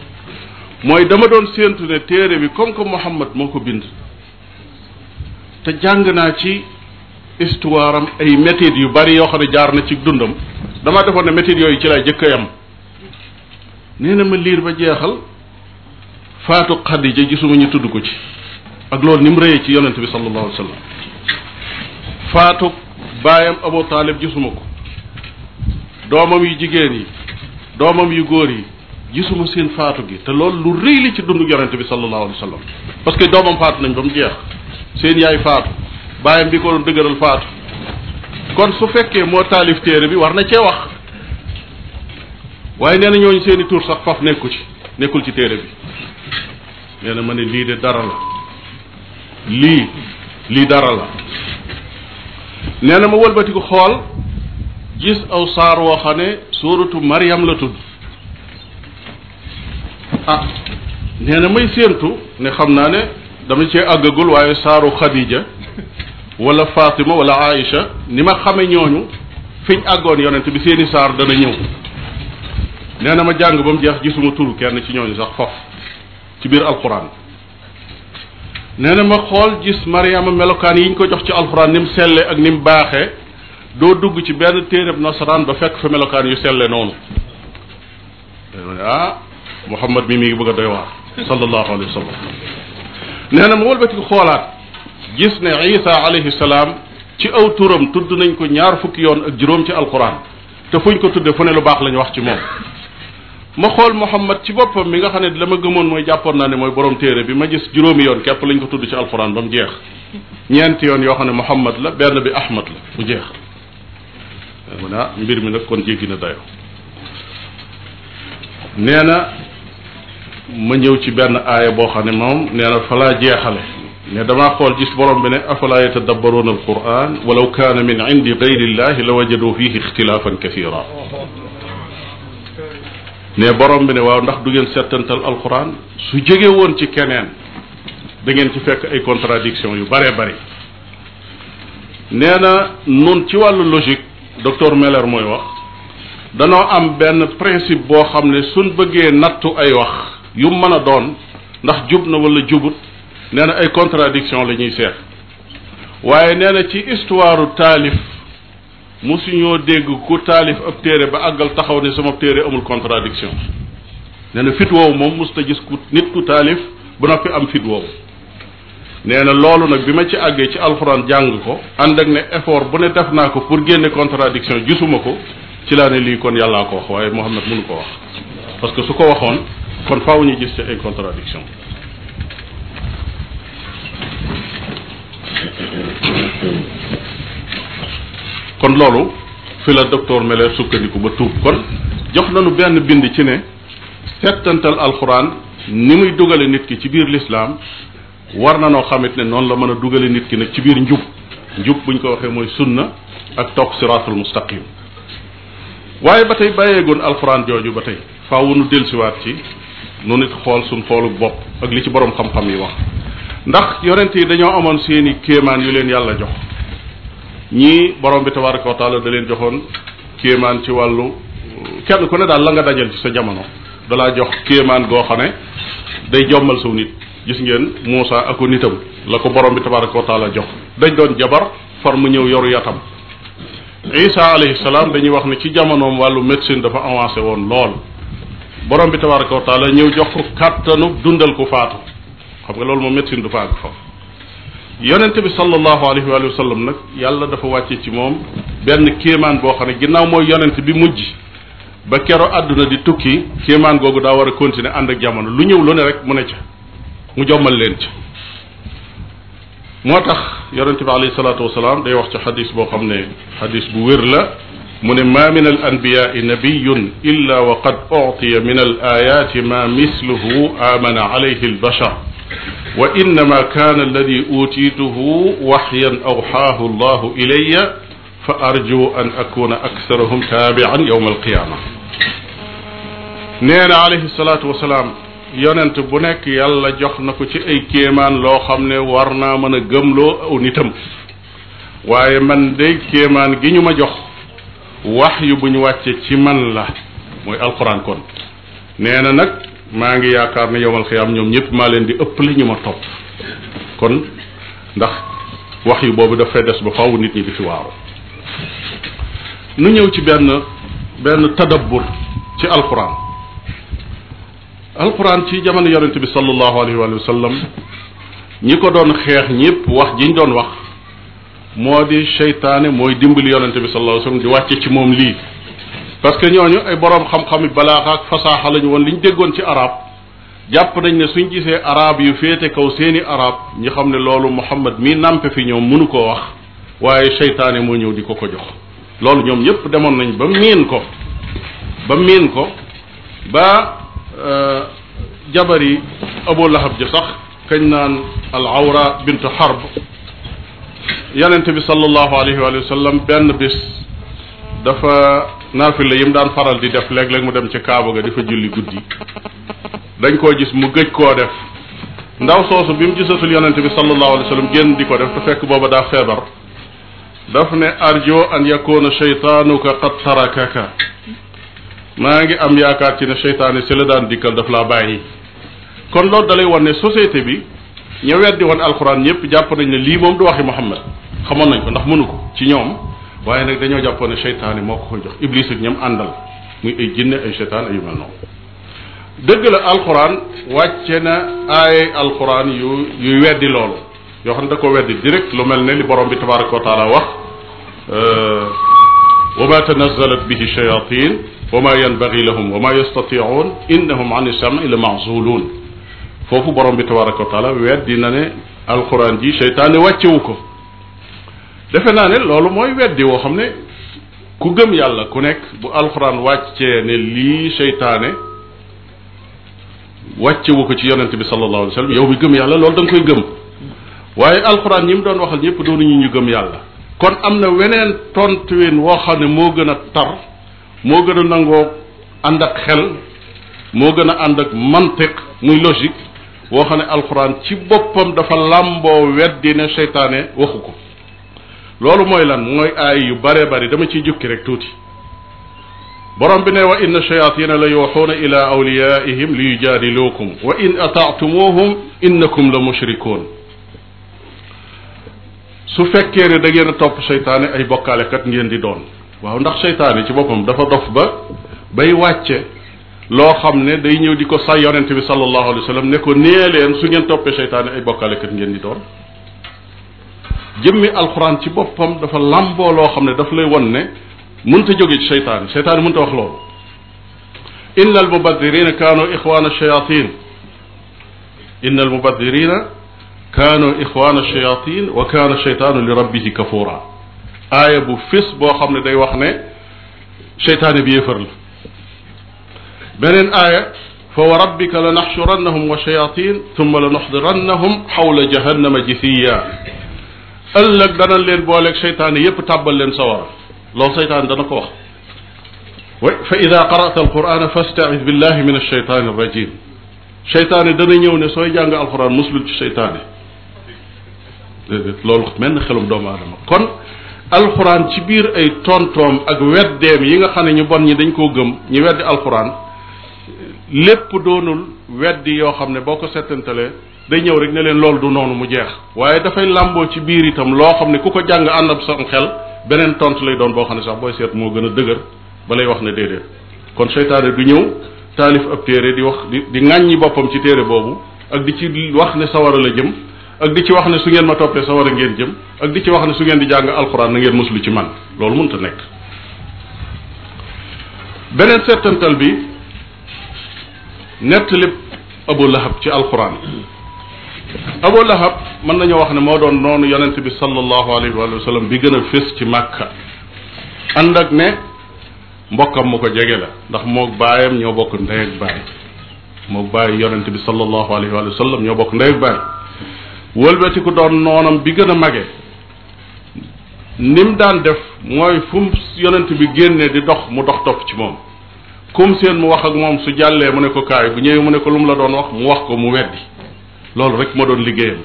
mooy dama doon séentu ne téere bi comme que Muhammad moo ko bind te jàng naa ci histoire ay méthodes yu bari yoo xam ne jaar na ci dundam damaa defoon ne méthodes yooyu ci laa jëkk a yam nee na ma liir ba jeexal faatu Xadija gisuma ñu tudd ko ci ak lool ni mu ci yonent bi sallallahu alayhi wa sallam faatu baayam Abu Taalib gisuma ko doomam yu jigéen yi doomam yu góor yi gisuma seen faatu gi te loolu lu rëy li ci dund yonente bi sallallahu alayhi wa sallam parce que doomam faatu nañ ba mu jeex seen yaay faatu bàyyam bi ko doon dëgëral faatu kon su fekkee moo taalif téere bi war na cee wax waaye nee na ñooñu seen i sax faf nekku ci nekkul ci téere bi nee na ma ne lii de dara la lii lii dara la nee na ma wëlbati xool gis aw saar woo xam ne suuratu Maryam la tudd ah nee na may séentu ne xam naa ne dama cee àggagul waaye saaru Khadija wala Fatima wala Aïcha ni ma xame ñooñu fiñ àggoon yonent bi seeni saar dana ñëw nee na ma jàng ba mu jeex gisuma turu kenn ci ñooñu sax foofu ci biir alxuraan nee na ma xool gis Mariama melokaan yi ñu ko jox ci alxuraan ni mu selle ak ni mu baaxee doo dugg ci benn téereb nasaraan ba fekk fa melokaan yu selle noonu ah Muhammad mi mi ngi bëgg a doy waar sallallahu alayhi wa sallam nee na mu wëlbatiku xoolaat gis ne Isa alayhi salaam ci aw turam tudd nañ ko ñaar fukki yoon ak juróom ci alquran te fuñ ko tuddee fu ne lu baax lañ wax ci moom ma xool Muhammad ci boppam mi nga xam ne la ma gëmoon mooy jàppoon naa ne mooy borom téere bi ma gis juróomi yoon képp lañ ko tudd ci alquran ba mu jeex ñeenti yoon yoo xam ne Muhammad la benn bi Ahmad la mu jeex mu ah, mbir mi nag kon jéggi na dayo nee ma ñëw ci benn aaya boo xam ne moom nee na falaa jeexale ne damaa xool gis borom bi ne afalaa yatadabbaruuna alquran walaw kaana min indi gayrillahi la wajadu fihi ixtilaafan kasira ne borom bi ne waaw ndax du ngeen settantal alquran su jege woon ci keneen da ngeen ci fekk ay contradiction yu bare bari nee na nun ci wàllu logique docteur Meller mooy wax danoo am benn principe boo xam ne suñ bëggee nattu ay wax yu mën a doon ndax jub na wala jubut nee na ay contradiction la ñuy seet waaye nee na ci histoire taalif mosuñoo dégg ku taalif ab téere ba àggal taxaw ne sama téere amul contradiction nee na fit woowu moom mosuta gis ku nit ku taalif bu noppi am fit woowu nee na loolu nag bi ma ci àggee ci alxuraan jàng ko ànd ak ne effort bu ne def naa ko pour génne contradiction gisuma ko ci laa ne lii kon yàllaa ko wax waaye Muhammad mënu ko wax parce su ko kon faaw ñu gis ay contradiction kon loolu fi la docteur Meller sukkandiku ba tuub kon jox nañu benn bind ci ne settantal alxuraan ni muy dugale nit ki ci biir lislaam war na noo xamit ne noonu la mën a dugale nit ki nag ci biir njub njub buñ ko waxee mooy sunna ak toog siraatul mustaqim waaye ba tey bàyyeegoon alxuraan jooju ba tey faaw nu dellusiwaat ci nu nit xool suñ xoolu bopp ak li ci borom xam-xam yi wax ndax yonent yi dañoo amoon seeni kéemaan yu leen yàlla jox ñii borom bi tabaraka wa taala da leen joxoon kéemaan ci wàllu kenn ku ne daal la nga dajal ci sa jamono dalaa jox kéemaan goo xam ne day jommal saw nit gis ngeen Muusa ako nitam la ko borom bi tabaraka wa taala jox dañ doon jabar far mu ñëw yoru yatam Isa alayhi salaam dañuy wax ne ci jamonoom wàllu médecine dafa avancé woon lool borom bi tabaraka wa taala ñëw jox ko kàttanu dundal ko faatu xam nga loolu moom mettin du faag fa yonente bi sallallahu alayhi wa sallam nag yàlla dafa wàcce ci moom benn kéemaan boo xam ne ginnaaw mooy yonente bi mujj ba kero àdduna di tukki kéemaan googu daa war a continuer ànd ak jamono lu ñëw lu ne rek mu ne ca mu jommal leen ci moo tax yonente bi alayhi salaatu wasalaam day wax ci xadis boo xam ne xadis bu wér la mu ne ma min al anbiyaai nabiyun illa wa qad utiya min al ayaati ma misluhu amana alayhi al bashar wa innama kaana alladi utiituhu waxyan awxaahu allahu ilaya fa arju an akuna aksarahum taabian yowma alqiyaama nee na alayhi salaatu wasalaam yonent bu nekk yàlla jox na ko ci ay kéemaan loo xam ne war naa mën a gëmloo aw nitam waaye man day kéemaan gi ñu ma jox wax yu bu ñu wàccee ci man la mooy alquran kon nee na nag maa ngi yaakaar ne yowmal xiyaam ñoom ñëpp maa leen di ëpp li ñu ma topp kon ndax wax yu boobu dafay des ba faw nit ñi di fi waaru nu ñëw ci benn benn tadabbur ci alquran alquran ci jamono yonente bi sallallahu alayhi wa sallam ñi ko doon xeex ñëpp wax jiñ doon wax moo di seytaane mooy dimbali yonente bi sallallahu alayhi di wàcce ci moom lii parce que ñooñu ay boroom xam-xami balaaxa ak fasaaxa lañu woon li ñu déggoon ci araab jàpp nañ ne suñ gisee araab yu féete kaw seeni arab ñi xam ne loolu Muhammad mii nàmpe fi ñoom mënu koo wax waaye seytaane moo ñëw di ko ko jox loolu ñoom ñëpp demoon nañ ba miin ko ba miin ko ba euh, jabari Abu Lahab ji sax kañ naan al awra bintu Harb yonent bi sallallahu alayhi wa sallam benn bis dafa naafila yi mu daan faral di def léeg-léeg mu dem ci kaaba ga di julli guddi dañ koo gis mu gëj koo def ndaw soosu bi mu gisatul yonent bi sallallahu alayhi wa sallam génn di ko def te fekk booba daa feebar daf ne arjo an yakuna shaytaanuka qad tarakaka maa ngi am yaakaar ci ne seytaane si la daan dikkal daf laa bàyyi kon loolu dalay won ne société bi ña weddi woon alxuraan ñëpp jàpp nañ ne lii moom du waxi Muhammad xamoon nañ ko ndax mënu ko ci ñoom waaye nag dañoo jàppoon ne seytaane moo ko ko jox iblis ak ñam àndal mu ay jinne ay seytaan ay yu mel noonu dëgg la alxuraan wàcce na ay alxuraan yu yu weddi loolu yoo xam ne da ko weddi direct lu mel ne li borom bi tabaraka wa taala wax euh, wa ma tanazalat bihi shayatin wa ma yanbagi lahum wa ma yastatiun innahum an isami la mahzuluun foofu borom bi tabaraka wa taala weddi na ne alxuraan ji seytaane wàccewu ko defe naa ne loolu mooy weddi woo xam ne ku gëm yàlla ku nekk bu alxuraan wàccee ne lii seytaane wàccewu ko ci yonent bi sallallahu alayhi wa sallam yow mi gëm yàlla loolu da nga koy gëm waaye alxuraan ñi mu doon waxal ñëpp doonu ñu ñu gëm yàlla kon am na weneen tontuwin woo xam ne moo gën a tar moo gën a nangoo ànd ak xel moo gën a ànd ak mantiq muy logique boo xam ne alxuraan ci boppam dafa làmboo weddi ne seytaane waxu ko loolu mooy lan mooy aay yu bare bari dama ciy jukki rek tuuti borom bi ne wa inna shayatina la yuuxuuna ila awliyaihim li yujaadiluukum wa in ataatumuuhum innakum la mushrikuun su fekkee ne da ngeen a topp seytaane ay bokkaalekat ngeen di doon waaw ndax seytaane ci boppam dafa dof ba bay wàcce loo xam ne day ñëw di ko say yonent bi sallallahu alayhi wa sallam ne ko nee su ngeen toppee seytaane ay bokkaalekat ngeen ni doon jëmmi alxuraan ci boppam dafa làmboo loo xam ne dafa lay won ne mënta jóge ci seytaane seytaane mënta wax loolu inna almubadirina kaanu ixwaana shayatin inna almubadirina kaanu ixwaana shayatin wa kaana sheytaanu li rabbihi kafura aaya bu fis boo xam ne day wax ne seytaane bi yéefar la beneen aaya fa wa rabbika la naxshurannahum wa shayatin tumma la nuxdirannahum xawla jahannama jisiya ëllëg danañ leen booleeg seytaane yépp tàbbal leen sawara loolu seytaane dana ko wax wa fa ida qara'ta alqur'ana fasta'iz billahi min alsheytani arrajim seytaane dana ñëw ne sooy jàng alquran muslul ci seytaane déedéet loolu menn xelum doomu aadama kon alquran ci biir ay tontoom ak weddeem yi nga xam ne ñu bon ñi dañ koo gëm ñu weddi alquran lépp doonul weddi yoo xam ne boo ko settantalee day ñëw rek ne leen loolu du noonu mu jeex waaye dafay làmboo ci biir itam loo xam ne ku ko jàng ànd ak sam xel beneen tontu lay doon boo xam ne sax booy seet moo gën a dëgër ba lay wax ne déedéet kon seytaane du ñëw taalif ab téere di wax di di ŋàññi boppam ci téere boobu ak di ci wax ne sawara la jëm ak di ci wax ne su ngeen ma toppee sawara ngeen jëm ak di ci wax ne su ngeen di jàng alxuraan na ngeen muslu ci man loolu mënta nekk beneen settantal bi nettalib abu lahab ci alquran abu lahab mën nañoo wax ne moo doon noonu yonent bi sallallahu alayhi wa sallam bi gën a fés ci màkka ànd ak ne mbokkam mu ko jege la ndax moog baayam ñoo bokk ndey ak baay moog baay yonent bi sallallahu alayhi wa ñoo bokk ndey ak baay wëlbatiku doon noonam bi gën a mage nim daan def mooy fu yonent bi génnee di dox mu dox topp ci moom comme seen mu wax ak moom su jàllee mu ne ko kaay bu ñëwee mu ne ko lu mu la doon wax mu wax ko mu weddi loolu rek ma doon liggéeyam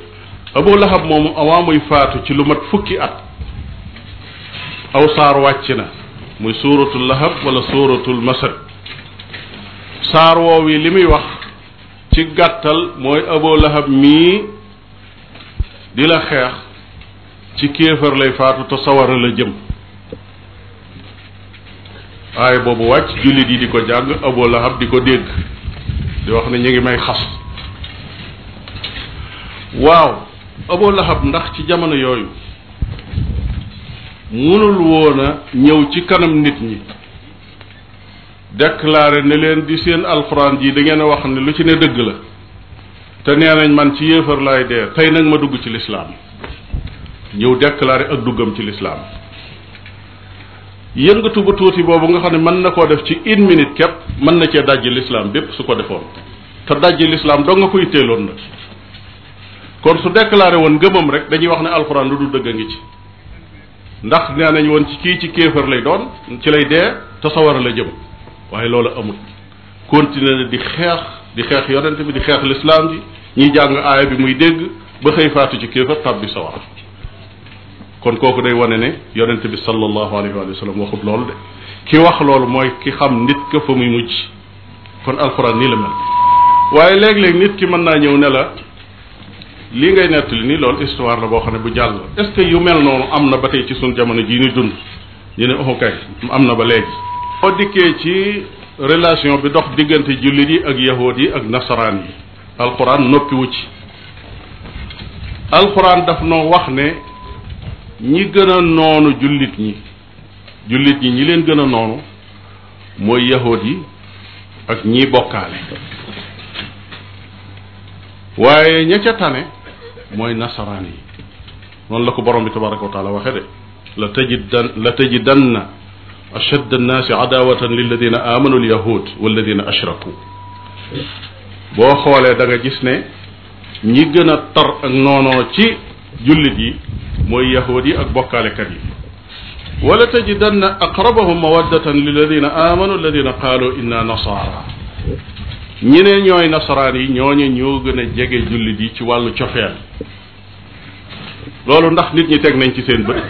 Abu Lahab moomu avant faatu ci lu mat fukki at aw saar wàcc na muy suuratul lahab wala suuratul masad saar woow yi li muy wax ci gàttal mooy Abu Lahab mii di la xeex ci kéefar lay faatu te sawara la jëm aaya boobu wàcc jullit yi di ko jàng Abu Lahab di ko dégg di wax ne ngi may xas waaw Abu Lahab ndax ci jamono yooyu munul woon ñëw ci kanam nit ñi déclaré ne leen di seen alxuraan ji da ngeen a wax ne lu ci ne dëgg la te nee nañ man ci yéefar laay dee tey nag ma dugg ci lislaam ñëw déclaré ak duggam ci lislaam yëngatu bu tuuti boobu nga xam ne mën na koo def ci une minute képp mën na cee dajji lislaam bépp su ko defoon te dajji lislaam doo nga koy teeloon nag kon su déclaré woon gëmam rek dañuy wax ne alxuraan lu dul dëgg a ngi ci ndax nee nañu woon kii ci kéefër lay doon ci lay dee te sawara a jëm waaye loolu amul continuer na di xeex di xeex yonent bi di xeex lislaam bi ñuy jàng aaya bi muy dégg ba xëy faatu ci kéefër tàbbi sawara kon kooku day wane ne yonente bi sallallahu alayhi wa sallam waxut loolu de ki wax loolu mooy ki xam nit ka fa muy mujj kon alxuraan nii la mel waaye léeg-léeg nit ki mën naa ñëw ne la li ngay nettali ni loolu histoire la boo xam ne bu jàll est ce que yu mel noonu am na ba tey ci suñu jamono jii ñu dund ñu ne oh kay am na ba léegi. boo dikkee ci relation bi dox diggante jullit yi ak yahood yi ak nasaraan yi alxuraan noppiwu ci alxuraan daf noo wax ne. ñi gën noonu jullit ñi jullit ñi ñi leen gën a noonu mooy yahood yi ak ñii bokkaale waaye ña ca tane mooy nasaraan yi noonu la ko borom bi tabaraka wa taala waxe de la tajidan la tajidanna ashadda annaasi adawatan lilladina amanu alyahud walladina ashraku boo xoolee da gis ne ñi gën a tar ak noonoo ci jullit yi mooy yahuud yi ak bokkaalekat yi wala tajidanna aqrabahum mawaddatan liladina amanu alladina qaalu inna nasaara ñeneen ñooy nasaraan yi ñooñu ñoo gën a jege jullit yi ci wàllu cofeel loolu ndax nit ñi teg nañ ci seen bët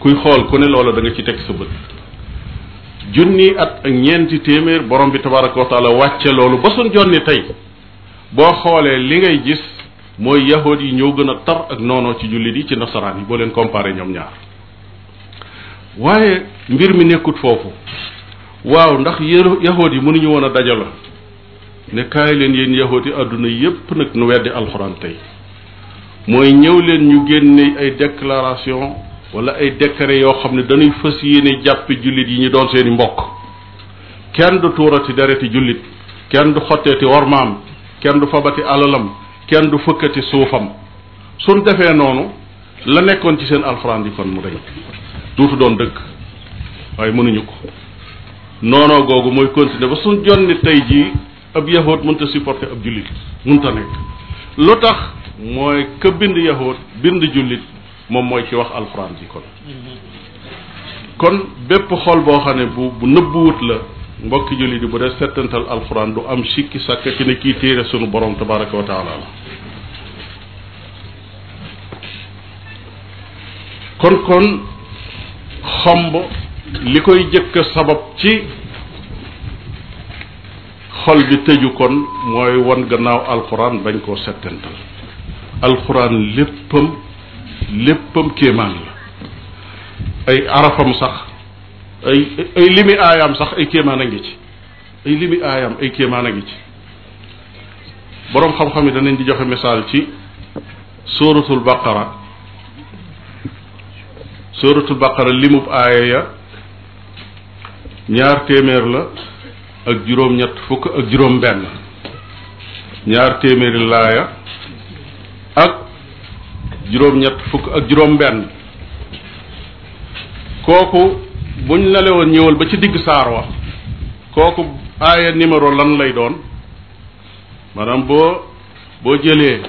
kuy xool ku ne loolu danga ci teg sa bët junni at ak ñeenti téeméer borom bi tabaraka wa wàcce loolu ba suñ jonni tey boo xoolee li ngay gis mooy yahood yi ñoo gën a tar ak noonoo ci jullit yi ci nasaraan yi boo leen comparé ñoom ñaar waaye mbir mi nekkut foofu waaw ndax yahood yi mënuñu woon a dajalo ne kaay leen yéen yahood yi àdduna yépp nag nu weddi alxuraan tey mooy ñëw leen ñu génne ay déclaration wala ay décret yoo xam ne dañuy fas yéene jàpp jullit yi ñu doon seeni mbokk kenn du tuurati dereti jullit kenn du xotteeti wormaam kenn du fabati alalam kenn du fëkkati suufam suñ defee noonu la nekkoon ci seen alxuraan di kon mu dañ duutu doon dëkk waaye mënuñu ko noonoo googu mooy continuer ba suñ jonni tey jii ab yahoot mënta supporter ab jullit mënta nekk lu tax mooy ka bind yahoot bind jullit moom mooy ci wax alxuraan ji kon mm-hmm. kon bépp xol boo xam ne bu bu nëbbuwut la mbokki jullit yi bu dee settantal alxuraan du am sikki sàkk ci ne kii téere sunu borom tabaraka wa taala la kon kon xomb li koy jëkk sabab ci xol bi tëju kon mooy wan gannaaw alxuraan bañ koo settantal alxuraan léppam léppam kéemaan la ay arafam sax ay ay limi aayaam sax ay kéemaan a ngi ci ay limi aayaam ay kéemaan a ngi ci boroom xam-xam yi danañ di joxe misaal ci suratul baqara suratul baqara limub aaya ya ñaar téeméer la ak juróom-ñett fukk ak juróom-benn ñaar téeméeri laaya ak juróom-ñett fukk ak juróom-benn kooku buñ la lewoon ñëwal ba ci digg saar wa kooku aaya numéro lan lay doon maanaam boo boo jëlee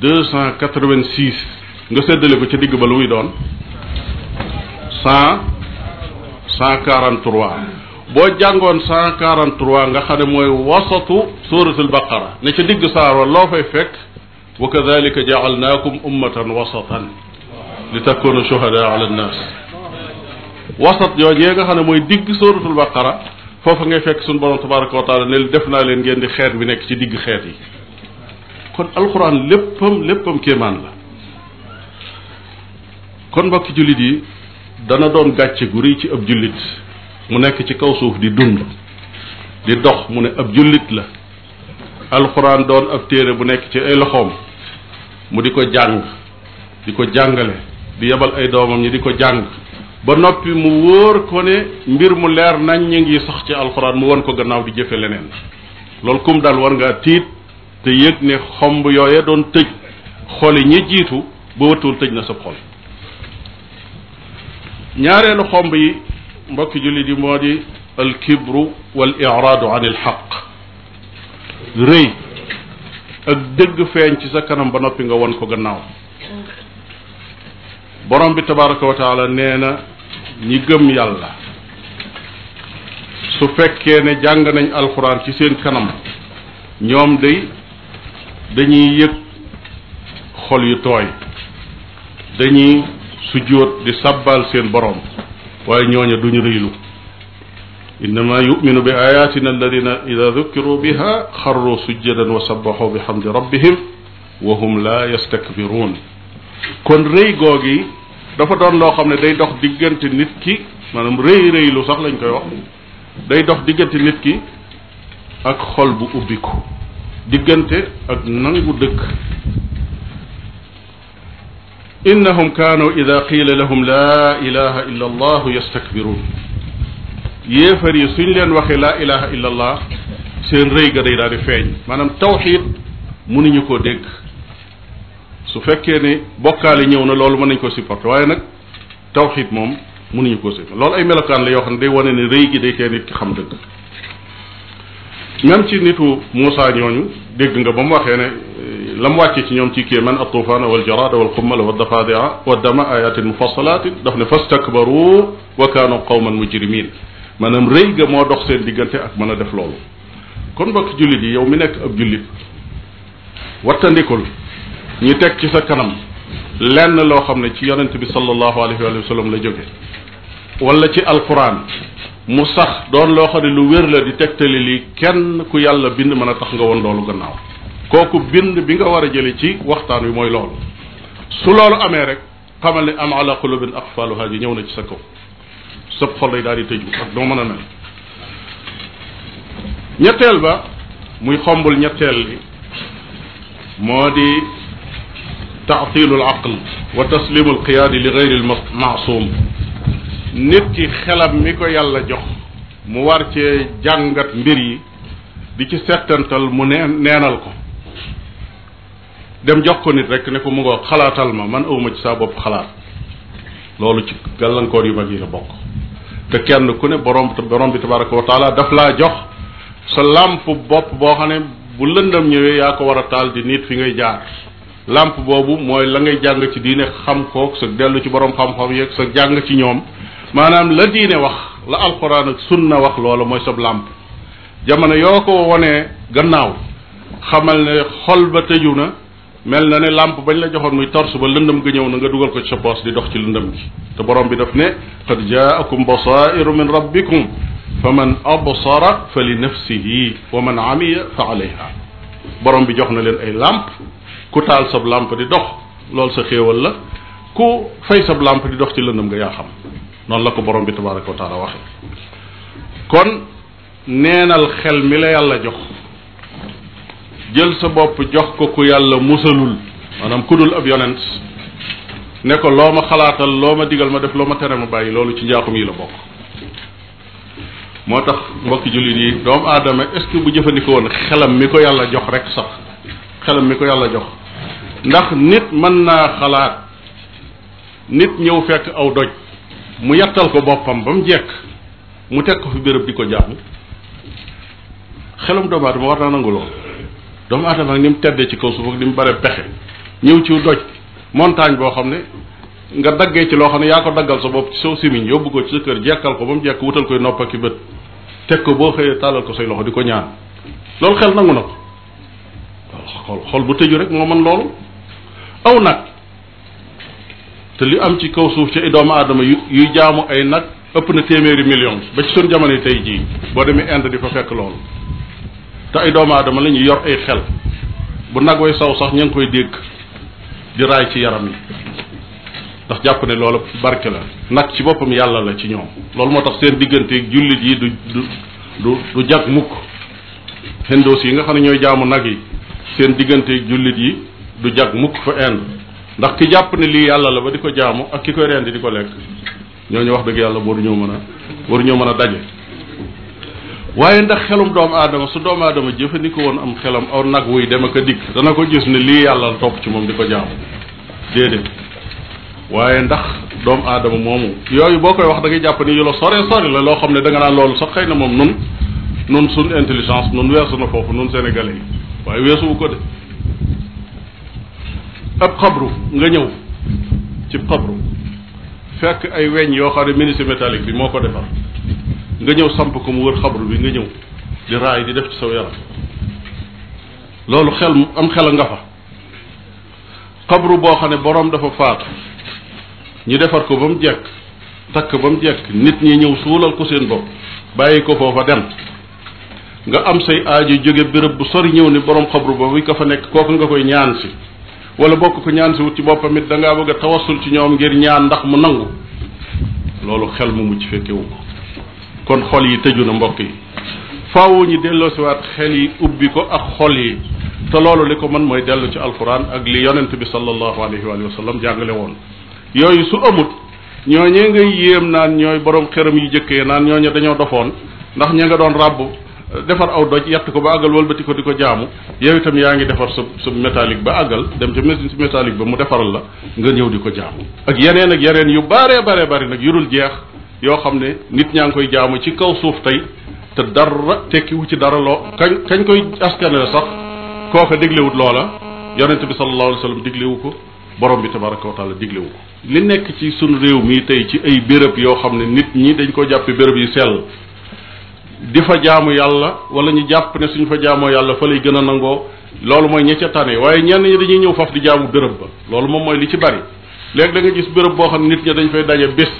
deux cent nga séddale ko ci digg ba lu muy doon cent cent quarante boo jàngoon cent nga xam ne mooy wasatu suuratul baqara ne ci digg saar wa loo fay fekk wa kadalika jaalnaakum ummatan wasatan li takunu shuhadaa ala nnaas wasat joojee nga xam ne mooy digg sóoratul baqara foofu ngay fekk suñu borom tabaraka wa taala ne def naa leen ngeen di xeet bi nekk ci digg xeet yi kon alxuraan léppam léppam kéemaan la kon mbokki jullit yi dana doon gàcce gu rëy ci ab jullit mu nekk ci kaw suuf di dund di dox mu ne ab jullit la alxuraan doon ab téere bu nekk ci ay loxoom mu di ko jàng di ko jàngale di yebal ay doomam ñi di ko jàng ba noppi mu wóor ko ne mbir mu leer nañ ñu ngi sax ci alxuraan mu won ko gannaaw di jëfe leneen loolu kum dal war ngaa tiit te yëg ne xomb yooya doon tëj xoli ñi jiitu ba wëttuwul tëj na sa xol ñaareelu xomb yi mbokki jullit yi moo di alkibru wal iraadu an il xaq rëy ak dëgg feeñ ci sa kanam ba noppi nga won ko gannaaw mm. borom bi tabaraka wa taala nee na ñi gëm yàlla su fekkee ne jàng nañ alxuraan ci seen kanam ñoom day dañuy yëg xol yu tooy dañuy sujjóot di sàbbaal seen boroom waaye ñooña duñu rëylu innama yuminu bi ayatina alladina ida dukiru biha xarru sujjadan wa sabbaxu bi xamdi rabbihim wa hum la kon rëy googi dafa doon loo xam ne day dox diggante nit ki maanaam rëy rëy lu sax lañ koy wax day dox diggante nit ki ak xol bu ubbiku diggante ak nangu dëkk innahum kaanu ida qiila lahum laa ilaha illa allah yastakbiruun yéefar yi suñ leen waxee laa ilaha illa allah seen rëy ga day daal di feeñ maanaam tawxiid mënuñu koo dégg su fekkee ne bokkaale ñëw na loolu mën nañ ko supporter waaye nag tawxiid moom mënuñu ko supporter loolu ay melokaan la yoo xam ne day wane ne rëy gi day tee nit ki xam dëgg même ci nitu Moussa ñooñu dégg nga ba mu waxee ne euh, la mu wàccee ci ñoom ci kéemaan attufaana wal jaraada wal xummala wa dafadia wa dama ayatin mufassalatin daf ne fastakbaru wa kaanu qawman mujrimin maanaam rëy moo dox diggante ak mën a def loolu kon mbokk jullit yi yow mi nekk ab jullit wattandikul ñu teg ci sa kanam lenn loo xam ne ci yonent bi sallallahu alayhi wa la jóge walla ci alquran mu sax doon loo xam ne lu wér la di tegtali lii kenn ku yàlla bind mën a tax nga woon loolu gannaaw kooku bind bi nga war a jële ci waxtaan wi mooy loolu su loolu amee rek xamal ne am ala qulubin aqfaluha ji ñëw na ci sa kaw sëb xol lay daal di tëju ak doo mën a mel ñetteel ba muy xombul ñetteel li moo di taatilu laql wa taslimu alqiyaadi li gayri lmaasuum nit ki xelam mi ko yàlla jox mu war cee jàngat mbir yi di ci settantal mu neen neenal ko dem jox ko nit rek ne ko mu xalaatal ma man awma ci saa bopp xalaat loolu ci gàllankoor yu mag la bokk te kenn ku ne borom borom bi tabaraka wa taala laa jox sa làmp bopp boo bu lëndam yaa ko war taal di nit fi ngay jaar làmp boobu mooy la ngay jàng ci diine xam kook sa dellu ci boroom xam-xam yeeg sa jàng ci ñoom maanaam la diine wax la alxuraan ak sunna wax loola mooy sab làmp jamono yoo ko wonee gannaaw xamal ne xol ba tëju na mel na ne làmp bañ la joxoon muy torse ba lëndëm ga ñëw na nga dugal ko ci sa di dox ci lëndëm gi te borom bi daf ne qad jaakum basairu min rabbikum fa man absara fa li nafsihi wa man amiya fa alayha borom bi jox na leen ay làmp ku taal sab làmp di dox loolu sa xéewal la ku fay sab làmp di dox ci lëndëm nga yaa xam noonu la ko borom bi tabaraka wa taala waxe kon neenal xel mi la yàlla jox jël sa bopp jox ko ku yàlla musalul maanaam ku dul ab yonent ne ko loo ma xalaatal loo ma digal ma def loo ma tere ma bàyyi loolu ci njaaxum yi la bokk moo tax mbokki jullit yi doomu aadama est bu jëfandikoo woon xelam mi ko yàlla jox rek sax xelam mi ko yàlla jox ndax nit mën naa xalaat nit ñëw fekk aw doj mu yettal ko boppam ba mu jekk mu teg ko fi béréb di ko jaamu xelum doomu aadama war naa nangu lool doomu aadama ak ni mu teddee ci kaw suuf ak ni mu bare pexe ñëw ci doj montagne boo xam ne nga daggee ci loo xam ne yaa ko daggal sa bopp ci saw simiñ yóbbu ko ci sa kër jekkal ko ba mu jekk wutal koy nopp ak i bët teg ko boo xëyee tàllal ko say loxo di ko ñaan loolu xel nangu na ko xol xol bu tëju rek moo mën loolu aw nag te li am ci kaw suuf ci ay doomu aadama yu yuy jaamu ay nag ëpp na téeméeri million ba ci suñ jamono tey jii boo demee Inde di fa fekk loolu te ay doomu aadama la ñu yor ay xel bu nag way saw sax ña koy dégg di raay ci yaram yi ndax jàpp ne loolu barke la nag ci boppam yàlla la ci ñoom loolu moo tax seen diggante jullit yi du du du du jag mukk hindoos yi nga xam ne ñooy jaamu nag yi seen diggante jullit yi du jag mukk fa end ndax ki jàpp ne lii yàlla la ba di ko jaamu ak ki koy rendi di ko lekk ñoo ñu wax dëgg yàlla waruñoo mën a waruñoo mën a daje waaye ndax xelum doomu adama su doomu aadama jëfandikoo woon am xelam aw nag wuy dem ak a dikk dana ko gis ne lii yàlla la topp ci moom di ko jaamu déedéet waaye ndax doomu aadama moomu yooyu boo koy wax da ngay jàpp ni yu la sore sori la loo xam ne da nga naan loolu sax xëy na moom nun nun suñ intelligence nun weesu na foofu nun sénégalais yi waaye weesuwu ko de ab xabru nga ñëw ci xabru fekk ay weñ yoo xam ne ministre métallique bi moo ko defar nga ñëw samp ko mu wër xabru bi nga ñëw di raay di def ci saw yaram loolu xel am xel nga fa xabru boo xam ne boroom dafa faatu ñu defar ko ba mu jekk takk ba mu jekk nit ñi ñëw suulal ko seen bopp bàyyi ko foofa dem nga am say aajo jóge bërëb bu sori ñëw ni borom xabru boobu ka fa nekk kooku nga koy ñaan si wala bokk ko ñaan si wut ci boppam it da ngaa bëgg a tawasul ci ñoom ngir ñaan ndax mu nangu loolu xel mu mucc fekkewu ko kon xol yi tëju na mbokk yi faaw ñu delloosiwaat xel yi ubbi ko ak xol yi te loolu li ko mën mooy dellu ci alquran ak li yonent bi sallallahu alayhi wa sallam jàngale woon yooyu su amut ñooñee ngay yéem naan ñooy borom xeram yu jëkkee naan ñooñu dañoo dofoon ndax ña nga doon ràbb defar aw doj yett ko ba àggal walbati ko di ko jaamu yow itam yaa ngi defar sa sa métallique ba àggal dem ca machine si ba mu defaral la nga ñëw di ko jaamu ak yeneen ak yeneen yu bare bare bare nag yurul jeex yoo xam ne nit ñaa ngi koy jaamu ci kaw suuf tey te dara tekkiwu ci dara loo kañ kañ koy askanale sax kooka diglewut loola yonent bi sallallahu alayhi wa sallam diglewu ko borom bi tabaraka wa taala diglewu ko li nekk ci sunu réew mi tey ci ay béréb yoo xam ne nit ñi dañ ko jàppe béréb yi sell di fa jaamu yàlla wala ñu jàpp ne suñ fa jaamoo yàlla fa lay gën nangoo loolu mooy ña ca tane waaye ñenn ñi dañuy ñëw faf di jaamu dërëb ba loolu moom mooy li ci bari léegi da gis bërëb boo xam ne nit ña dañ fay daje bés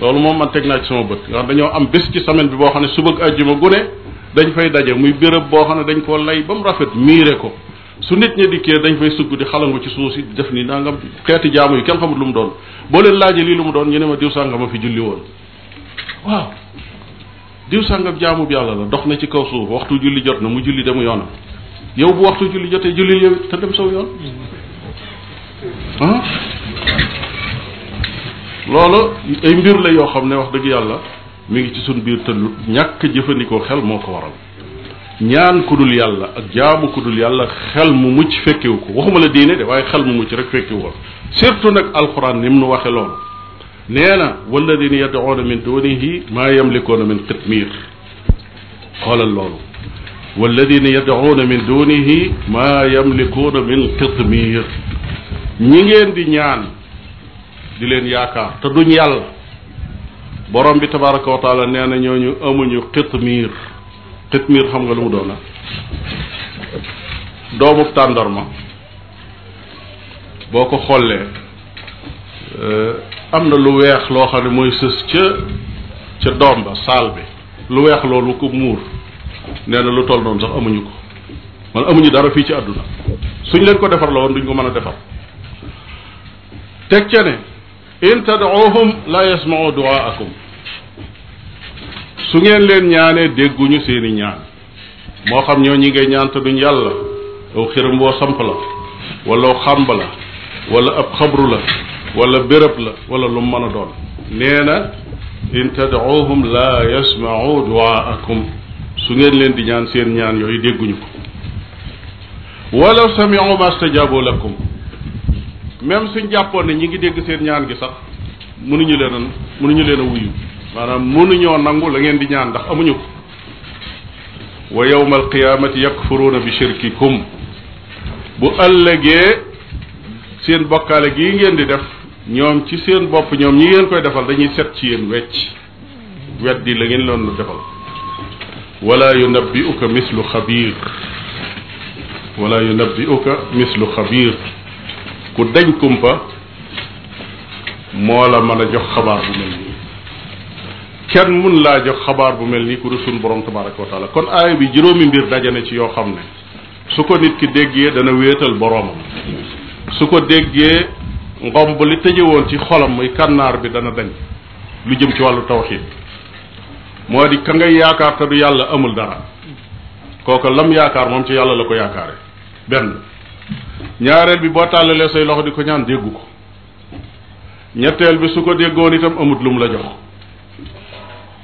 loolu moom man teg naa ci sama bët nga xam dañoo am bés ci semaine bi boo xam ne suba ak àjjuma gune dañ fay daje muy bërëb boo xam ne dañ ko lay ba mu rafet miire ko su nit ñi dikkee dañ fay sugg di xalangu ci suuf si def ni nangam xeeti jaamu yi kenn xamut lu mu doon boo leen laajee lii lu mu doon ñu ne ma diw sàngama fi julli woon diw sàngam jaamu bi yàlla la dox na ci kaw suuf waxtu julli jot na mu julli demu yoonam yow bu waxtu julli jotee julli yow te dem saw yoon loolu ay mbir la yoo xam ne wax dëgg yàlla mu ngi ci suñ biir te ñàkk jëfandikoo xel moo ko waral ñaan ku dul yàlla ak jaamu ku yàlla xel mu mucc fekkiwu ko waxuma la diine de waaye xel mu mucc rek fekkiwu ko surtout nag alxuraan ni mu nu waxe loolu nee na walladina yad'una min dunihi maa yamlikuuna min qitmir xoolal loolu walladina yad'una min dunihi maa yamlikuuna min qitmir ñi ngeen di ñaan di leen yaakaar te duñ yàlla borom bi tabaraka wa taala nee na ñooñu amuñu qitmir qitmir xam nga lu mu doona doomub tàndarma boo ko xollee Euh, am na lu weex loo xam ne mooy sës ca ca doom ba saal bi lu weex loolu ko muur nee na lu toll noonu sax amuñu ko man amuñu dara fii ci àdduna suñ leen ko defar la woon duñ ko mën a defar teg ca ne in tad'uhum la yasma'u du'aakum su ngeen leen ñaanee dégguñu seeni ñaan moo xam ñoo ñi ngay ñaan duñ yàlla aw xiram woo samp la wala xàmb la wala ab xabru la wala béréb la wala lu mën a doon nee na in tad'uuhum laa yasma'u du'aakum su ngeen leen di ñaan seen ñaan yooyu dégguñu ko walaw sami'u mastajaabu lakum même suñ jàppoon ne ñi ngi dégg seen ñaan gi sax mënuñu leen a mënuñu leen a wuyu maanaam mënuñoo nangu la ngeen di ñaan ndax amuñu ko wa yawma alqiyaamati yakfuruuna bi shirkikum bu ëllëgee seen bokkaale gii ngeen di def ñoom ci seen bopp ñoom ñi ngeen koy defal dañuy set ci yéen wecc weddi la ngeen loon defal wala yunabbi'uka mislu xabiir wala yunabbi'uka mislu xabiir ku deñ kumpa moo la mën a jox xabaar bu mel nii kenn mun laa jox xabaar bu mel nii ku dul sunu borom tabaraka wa kon aaya bi juróomi mbir dajane ci yoo xam ne su ko nit ki déggee dana wéetal boroomam su ko déggee ngom ba li woon ci xolam muy kànnaar bi dana dañ lu jëm ci wàllu tawxiid moo di ka ngay yaakaar te du yàlla amul dara kooka lam yaakaar moom ci yàlla la ko yaakaare benn ñaareel bi boo tàllalee say loxo di ko ñaan déggu ko ñetteel bi su ko déggoon itam amut lu la jox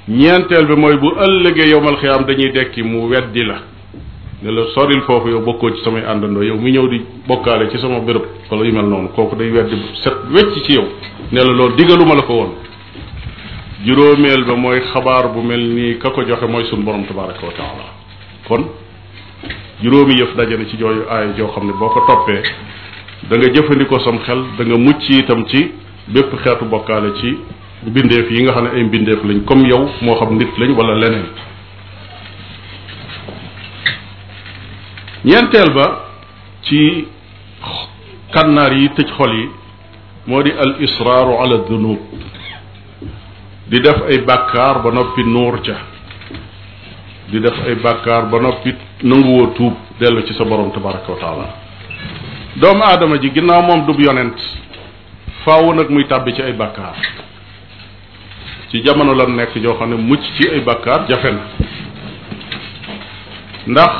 ñeenteel bi mooy bu ëllëgee yowmal xiyaam dañuy dekki mu weddi la ne la soril foofu yow bokkoo ci samay àndandoo yow mi ñëw di bokkaale ci sama béréb wala yu mel noonu kooku day weddi set wecc ci yow ne la loolu digaluma la ko woon juróomeel ba mooy xabaar bu mel nii ka ko joxe mooy sunu borom tabaraka wa taala kon juróomi yëf daje na ci jooju aay joo xam ne boo ko toppee da nga jëfandikoo sam xel da nga mucc itam ci bépp xeetu bokkaale ci mbindeef yi nga xam ne ay mbindeef lañ comme yow moo xam nit lañ wala leneen ñeenteel ba ci kànnaar yi tëj xol yi moo di al israaru ala dunub di def ay bàkkaar ba noppi nuur ca di def ay bàkkaar ba noppi nanguwoo tuub dellu ci sa borom tabaraka wa taala doomu aadama ji ginnaaw moom dub yonent faaw nag muy tàbbi ci ay bàkkaar ci jamono la nekk joo xam ne mucc ci ay bàkkaar jafe na ndax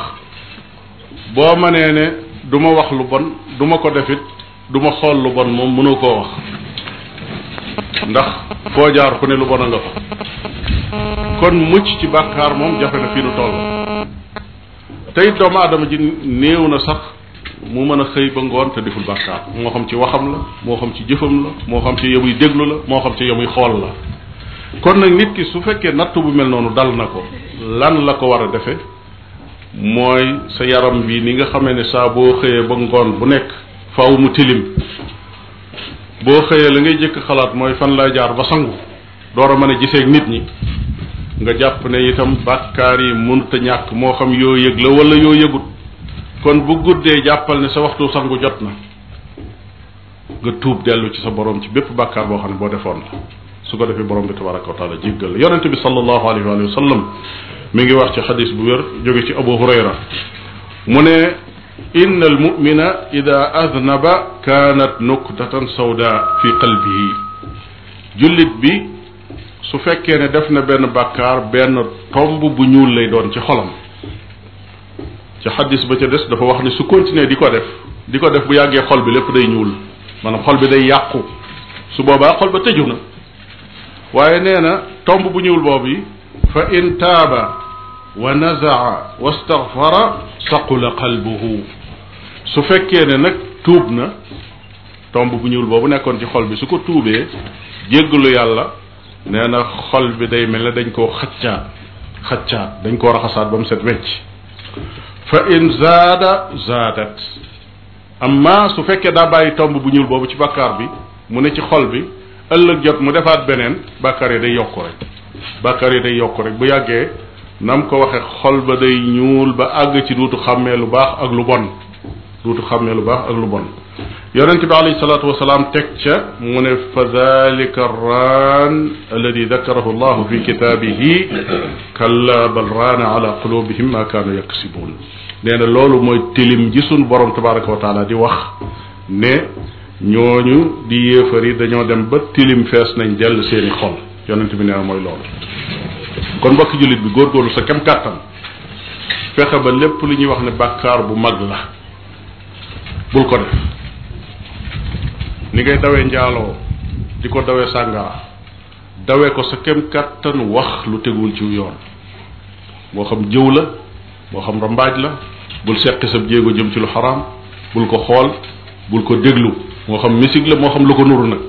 boo ma nee ne du ma wax lu bon duma ko def du ma xool lu bon moom mënoo koo wax ndax foo jaar ku ne lu bon a nga fa kon mucc ci bàkkaar moom jafe na fii nu toll tey doomu aadama ji néew na sax mu mën a xëy ba ngoon te deful bàkkaar moo xam ci waxam la moo xam ci jëfam la moo xam ci yemuy déglu la moo xam ci yemuy xool la kon nag nit ki su fekkee natt bu mel noonu dal na ko lan la ko war a defe mooy sa yaram wi ni nga xamee ne saa boo xëyee ba ngoon bu nekk faaw mu tilim boo xëyee la ngay jëkk xalaat mooy fan lay jaar ba sangu door a mën a gisee nit ñi nga jàpp ne itam bàkkaar yi mënut ñàkk moo xam yoo yëg la wala yoo yëgut kon bu guddee jàppal ne sa waxtu sangu jot na nga tuub dellu ci sa borom ci bépp bàkkaar boo xam ne boo defoon la su ko defee borom bi tabaraka wa taala jéggal la yonente bi sallallahu alayhi wa sallam mi ngi wax ci xadis bu wér jóge ci abu hurayra mu ne inna al mumina ida adnaba kaanat nuktatan sawda fi qalbihi jullit bi su fekkee ne def na benn bàkkaar benn tomb bu ñuul lay doon ci xolam ci xadis ba ca des dafa wax ni su continuer di ko def di ko def bu yàggee xol bi lépp day ñuul maanaam xol bi day yàqu su boobaa xol ba tëju na waaye nee na tomb bu ñuul boobu fa in taaba wa nazaa wastaghfara saqula qalbuhu su fekkee ne nag tuub na tomb bu ñuul boobu nekkoon ci xol bi su ko tuubee jéggalu yàlla nee na xol bi day mel ne dañ koo xaccaat xaccaat dañ koo raxasaat ba mu set wecc fa in zaada zaadat amma su fekkee daa bàyyi tomb bu ñuul boobu ci bàkkaar bi mu ne ci xol bi ëllëg jot mu defaat beneen bàkkaar yi day yokk rek bàkkaar yi day yokk rek bu yàggee nam ko waxe xol ba day ñuul ba àgg ci duutu xàmmee lu baax ak lu bon duutu xàmmee lu baax ak lu bon yonente bi alayhi salaatu wasalaam teg ca mu ne fa dalika raan alladi dakarahu llahu fi kitaabihi kalla bal raana ala qulubihim ma kaanu yaksibuun nee na loolu mooy tilim ji sunu borom tabaraka wa taala di wax ne ñooñu di yéefar yi dañoo dem ba tilim fees nañ dell seeni xol yonent bi nee na mooy loolu kon mbokki jullit bi góorgóorlu sa kem kàttan fexe ba lépp lu ñuy wax ne bàkkaar bu mag la bul ko def ni ngay dawee njaaloo di ko dawee sàngara dawee ko sa kem kàttan wax lu teguwul ci yoon moo xam jëw la moo xam rambaaj la bul seqi sa jéego jëm ci lu xaraam bul ko xool bul ko déglu moo xam misig la moo xam lu ko nuru nag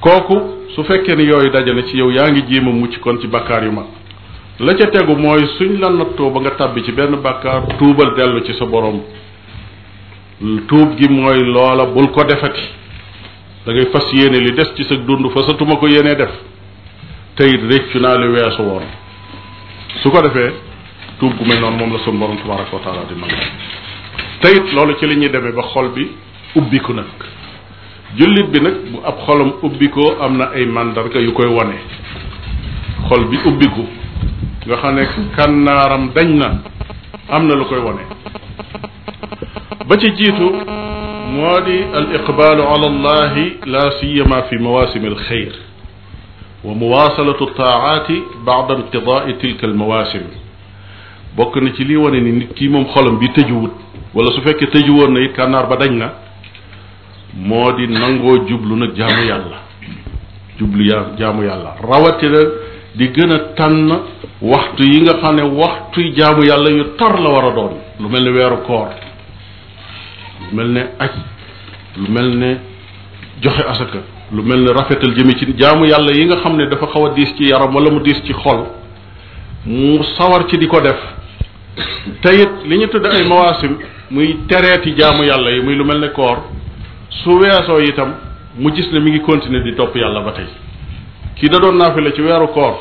kooku su fekkee ni yooyu daje ci yow yaa ngi jéem a mucc koon ci bakkaar yu mag la ca tegu mooy suñ la nattoo ba nga tàbbi ci benn bakkaar tuubal dellu ci sa borom tuub gi mooy loola bul ko defati da ngay fas yéene li des ci sa dund fasatuma ko yéenee def teyit réccu naa li weesu woon su ko defee tuub gu may noon moom la sun borom tabaraka wa taala di mag teyit loolu ci li ñuy demee ba xol bi ubbiku nag jullit bi nag bu ab xolam ubbikoo am na ay mandarga yu koy wane xol bi ubbiku nga xam ne kànnaaram dañ na am na lu koy wane ba ci jiitu moo di al iqbaalu ala la siyama fi mawasimi al xayr wa muwasalatu taaati bada inqidaai tilka al mawasim bokk na ci lii wane ni nit kii moom xolam bi tëjuwut wala su fekkee tëjuwoon na it kànnaar ba dañ na moo di nangoo jublu nag jaamu yàlla jublu ya jaamu yàlla rawatina di gën a tànn waxtu yi nga xam ne waxtu jaamu yàlla yu tar la war a doon lu mel ne weeru koor lu mel ne aj lu mel ne joxe asaka lu mel ne rafetal jëme ci jaamu yàlla yi nga xam ne dafa xaw a diis ci yaram wala mu diis ci xol mu sawar ci di ko def te it li ñu tudd ay mawaasim muy tereeti jaamu yàlla yi muy lu mel ne koor su weesoo itam mu gis ne mi ngi continuer di topp yàlla ba tey kii da doon naafila ci weeru koor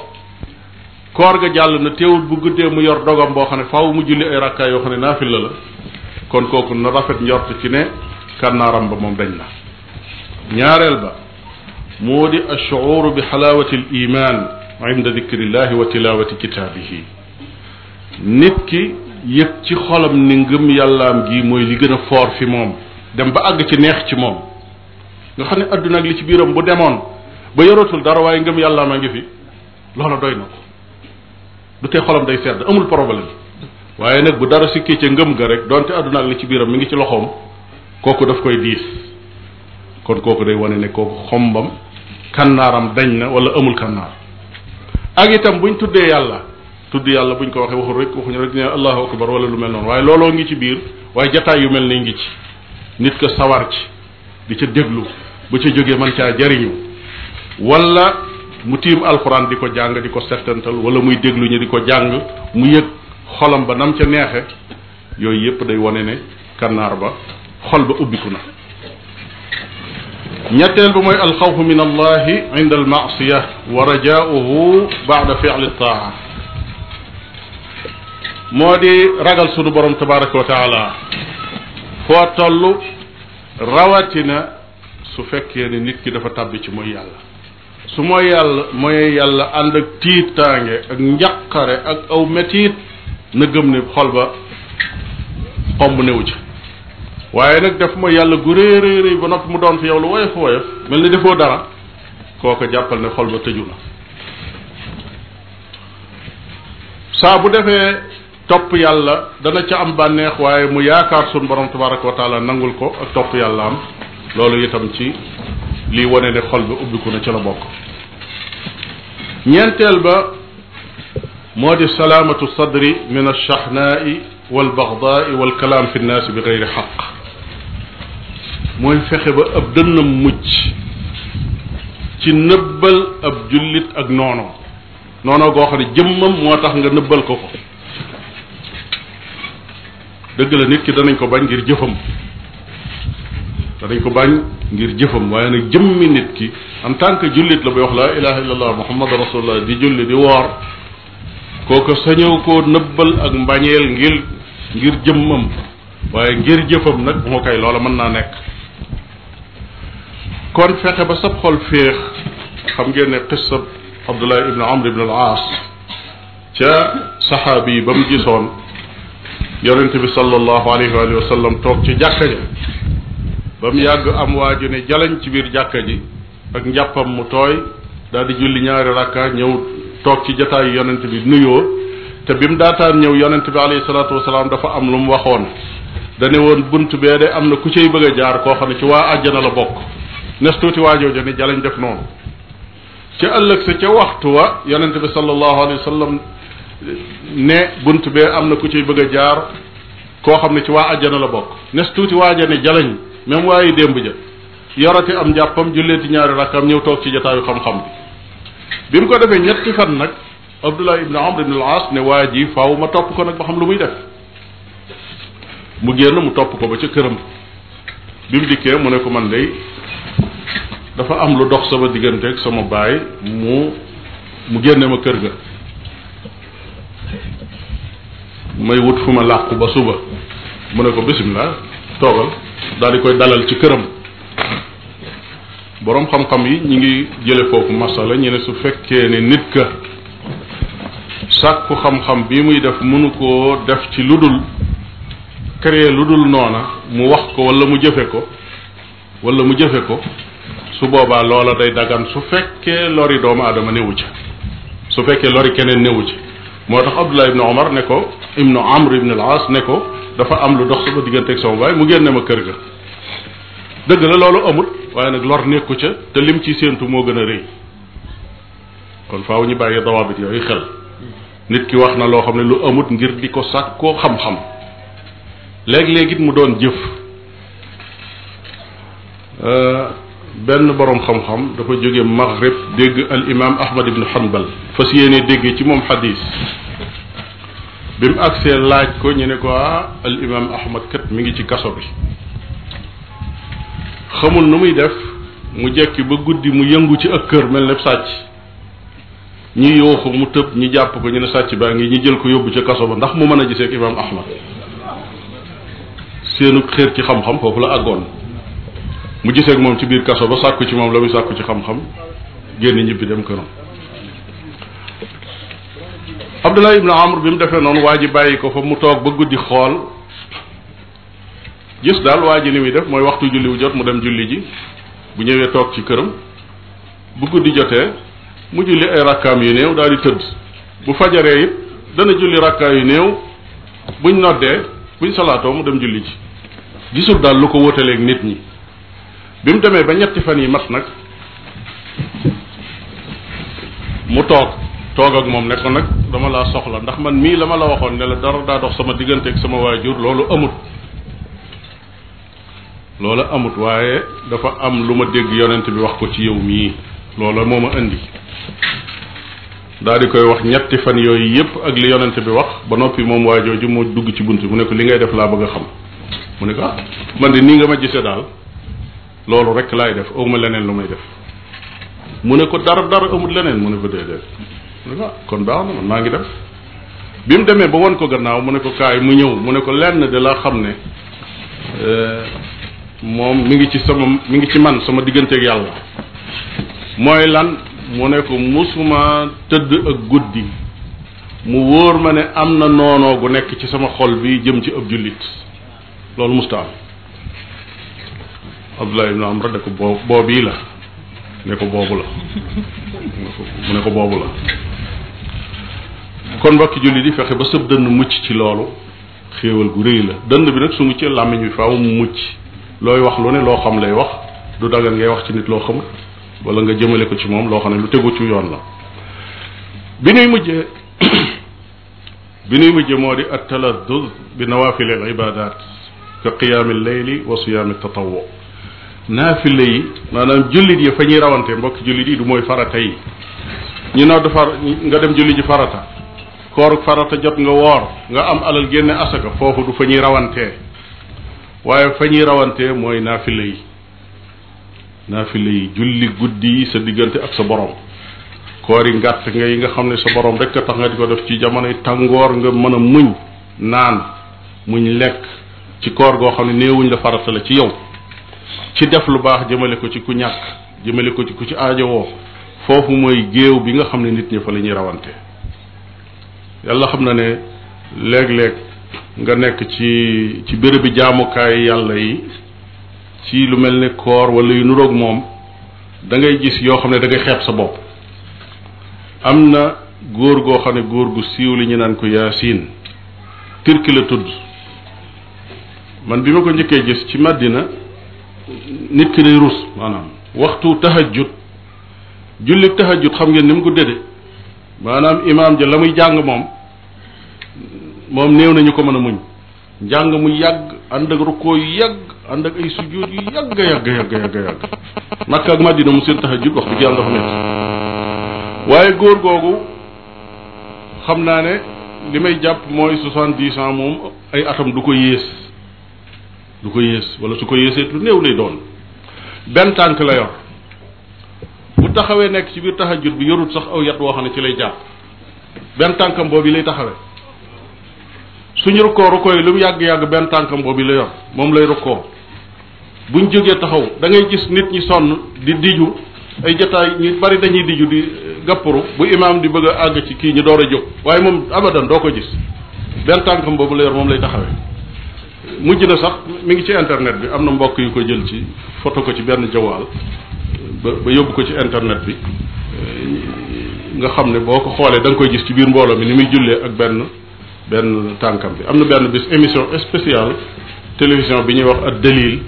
koor ga jàll na teewul bu guddee mu yor dogam boo xam ne faaw mu julli ay rakkaay yoo xam ne naafila la kon kooku na rafet njort ci ne kànnaaram ba moom dañ la ñaareel ba moo di ashuuru bi xalaawati al iman inda dikrillahi wa tilawati kitaabihi nit ki yëg ci xolam ni ngëm yàllaam gi mooy li gën a foor fi moom dem ba àgg ci neex ci moom nga xam ne àdduna ak li ci biiram bu demoon ba yoratul dara waaye ngëm yàlla ma ngi fi loola doy na ko du tee xolam day sedd amul problème waaye nag bu dara sikkee ca ngëm ga rek doonte àdduna ak li ci biiram mi ngi ci loxoom kooku daf koy diis kon kooku day wane ne kooku xombam kannaaram dañ na wala amul kannaar ak itam buñ tuddee yàlla tudd yàlla buñ ko waxee waxul rek waxuñu rek ne allahu akbar wala lu mel noonu waaye looloo ngi ci biir waaye jataay yu mel ni nit ko sawar ci di ca déglu ba ca jógee man caa jariñu wala mu tiim alxuraan di ko jàng di ko settantal wala muy déglu ñi di ko jàng mu yëg xolam ba nam ca neexe yooyu yépp day wone ne kannaar ba xol ba ubbiku na ñetteel ba mooy alxawfu min allahi inda almasiya wa rajauhu bada fi'li taa moo di ragal sunu borom tabaraka wa taala foo toll rawatina su fekkee ne nit ki dafa tàbbi ci mooy yàlla su mooy yàlla mooy yàlla ànd ak tiitaange ak njaqare ak aw metit na gëm ne xol ba xomb newu ci waaye nag def ma yàlla gu rëy ba nopp mu doon fi yow lu woyof woyof mel ni defoo dara kooka jàppal ne xol ba tëju na saa bu defee topp yàlla dana ca am bànneex waaye mu yaakaar sunu borom tabaraka wa taala nangul ko ak topp yàlla am loolu itam ci lii wane ne xol bi ubbiku na ci la bokk ñeenteel ba moo di salaamatu sadri min alchaxnaai walbaxdaai walkalaam fi nnaasi bi gayri xaq mooy fexe ba ab dënnam mucc ci nëbbal ab jullit ak noono noono goo xam moo tax nga nëbbal ko ko dëgg la nit ki danañ ko bañ ngir jëfam danañ ko bañ ngir jëfam waaye nag jëmmi nit ki en tant que jullit la buy wax laa ilaha illallah muhammad rasulullah di julli di woor kooku sañoo koo nëbbal ak mbañeel ngir ngir jëmmam waaye ngir jëfam nag bu ma loola mën naa nekk kon fexe ba sab xol féex xam ngeen ne qissab abdullah ibn amr ibn al aas ca saxaabi yi ba mu gisoon yonente bi sallallahu alayhi wa sallam toog ci jàkka ja ba mu yàgg am waa ju ne jalañ ci biir jàkka ji ak njàppam mu tooy daal di julli ñaari rakka ñëw toog ci jataayu yonente bi nuyoo te bi mu daataan ñëw yonente bi alayhi salaatu wasalaam dafa am lu mu waxoon dane woon bunt bee de am na ku ciy bëgg a jaar koo xam ne ci waa àjjana la bokk nes tuuti waajoojo ne jalañ def noonu ca ëllëg sa ca waxtu wa yonente bi sallallahu alayhi wa ne bunt bee am na ku ciy bëgg a jaar koo xam ne ci waa ajjana la bokk nes tuuti waaja ne jalañ même waaye démb ja yorati am njàppam julleeti ñaari rakkam ñëw toog ci jataayu xam-xam bi bi mu ko defee ñetti fan nag Abdullah ibn Amr ibn al ne waa ji faaw ma topp ko nag ba xam lu muy def mu génn mu topp ko ba ca këram bi mu dikkee mu ne ko man day dafa am lu dox sama digganteeg sama baay mu mu génne ma kër ga may wut fu ma làqu ba suba mu ne ko bisimilah toogal daal di koy dalal ci këram boroom xam-xam yi ñi ngi jële foofu masala ñu ne su fekkee ne nit ka sàkku xam-xam bi muy def mënu koo def ci lu dul créer lu dul noona mu wax ko wala mu jëfe ko walla mu jëfe ko su boobaa loola day dagan su fekkee lori doomu aadama newu ca su fekkee lori keneen newu ca moo tax Abdullah ibn Omar ne ko ibnu Amr ibn al-As ne ko dafa am lu dox sama digganteeg sama baay mu génne ma kër ga dëgg la loolu amul waaye nag lor nekku ca te lim ci séentu moo gën a rëy kon faaw ñu bàyyi dawaabit yooyu xel nit ki wax na loo xam ne lu amut ngir di ko sàkkoo xam-xam léeg léegi mu doon jëf euh, benn boroom xam-xam dafa jóge maghrib dégg al imam ahmad ibn hanbal fas yéene dégg ci moom xadis bi mu agsee laaj ko ñu ne ko ah al imam ahmad kat mi ngi ci kaso bi xamul nu muy def mu jekki ba guddi mu yëngu ci ak kër mel ne sàcc ñi yooxu mu tëb ñi jàpp ko ñu ne sàcc baa ngi ñu jël ko yóbbu ca kaso ba ndax mu mën a gisee ak imam ahmad seenu xeer ci xam-xam foofu la àggoon mu giseeg moom ci biir kaso ba sàkku ci moom la muy sàkku ci xam-xam génn ñibbi dem këram Abdullah ibn Amr bi mu defee noonu waa ji bàyyi ko fa mu toog ba guddi xool gis daal waa ji ni muy def mooy waxtu julli wu jot mu dem julli ji bu ñëwee toog ci këram bu guddi jotee mu julli ay rakkaam yu néew daal di tëdd bu fajaree it dana julli rakkaam yu néew buñ noddee buñ salaatoo mu dem julli ji gisul daal lu ko wóotaleeg nit ñi bi mu demee ba ñetti fan yi mat nag mu toog toog ak moom ne nag dama laa soxla ndax man mii la ma la waxoon ne la dara daa dox sama diggante ak sama waajur loolu amut loolu amut waaye dafa am lu ma dégg yonent bi wax ko ci yow mii loola moo ma indi daal di koy wax ñetti fan yooyu yépp ak li yonent bi wax ba noppi moom waajooju mu dugg ci bunt mu ne ko li ngay def laa bëgg a xam mu ne ko ah man de nii nga ma gisee daal loolu rek laay def awma leneen lu may def mu ne ko dara dara amul leneen mu ne ko déedéet mu ne ah, kon baax na man maa ngi def bi mu demee ba won ko gannaaw mu ne ko kaay mu ñëw mu ne ko lenn de laa xam ne euh, moom mu ngi ci sama mi ngi ci man sama digganteeg yàlla mooy lan mu ne ko musuma tëdd ak guddi mu wóor ma ne am na noonoo gu nekk ci sama xol bi jëm ci ab jullit loolu musta Abdullah ibn Amr da ko boo boobii la ne ko boobu la mu ne ko boobu la kon mbokki julli di fexe ba sëb dënn mucc ci loolu xéewal gu rëy la dënn bi nag su muccee làmmiñ bi faaw mu mucc looy wax lu ne loo xam lay wax lu dagan ngay wax ci nit loo xamul wala nga jëmale ko ci moom loo xam ne lu tegu ci yoon la bi ñuy mujjee bi ñuy mujjee moo di at taladdud bi nawaafil al ibadat qiyaami leyli wa siyaami naafile yi maanaam jullit yi fa ñuy rawantee mbokk jullit yi du mooy farata yi ñu nodd far nga dem julli ji farata kooruk farata jot nga woor nga am alal génne asaka foofu du fa ñuy rawantee waaye fa ñuy rawantee mooy naafile yi naafile yi julli guddi yi sa diggante ak sa borom koori ngàtt nga yi nga xam ne sa borom rek a tax nga di ko def ci jamonoy tàngoor nga mën a muñ naan muñ lekk ci koor goo xam ne néewuñ la farata la ci yow ci def lu baax jëmale ko ci ku ñàkk jëmale ko ci ku ci aajowoo foofu mooy géew bi nga xam ne nit ñi fa la ñuy rawante yàlla xam na ne léeg-léeg nga nekk ci ci béréb bi jaamukaay yàlla yi ci lu mel ne koor wala yu nuroog moom dangay gis yoo xam ne dangay ngay xeeb sa bopp am na góor goo xam ne góor gu siiw li ñu naan ko Yaasin Turki la tudd man bi ma ko njëkkee gis ci màddina nit ki day ruus maanaam waxtu tahajjud julli tahajjud xam ngeen ni mu guddee de maanaam imaam ja la muy jàng moom moom néew nañu ko mën a muñ jàng mu yàgg ànd ak rukkoo yu yàgg ànd ak ay sujjóot yu yàgg yàgg yàgg yàgg yàgg Makka ak Madina mu seen tahajjud wax dëgg yàlla dafa métti waaye góor googu xam naa ne li may jàpp mooy soixante-dix ans moom ay atam du ko yées du ko yées wala su ko yéesee lu néew lay doon benn tànk la yor bu taxawee nekk ci biir taxaw tahajjud bi yorut sax aw yat woo xam ne ci lay jàpp benn tànkam boobu lay taxawee suñu yi lu mu yàgg-yàgg benn tànkam boobu la yor moom lay rukkoo buñ jógee taxaw da gis nit ñi sonn di diju ay jotaay ñu bari dañuy diju di eh, gappuru bu imaam di bëgg a àgg ci kii ñu door a jóg waaye moom abadan doo ko gis benn tànkam boobu la yor moom lay taxawee mujj na sax mi ngi ci internet bi am na mbokk yu ko jël ci photo ko ci benn jawaal ba ba yóbbu ko ci internet bi nga xam ne boo ko xoolee danga koy gis ci biir mbooloo mi ni muy jullee ak benn benn tànkam bi am na benn bis émission spéciale télévision bi ñuy wax ak dalil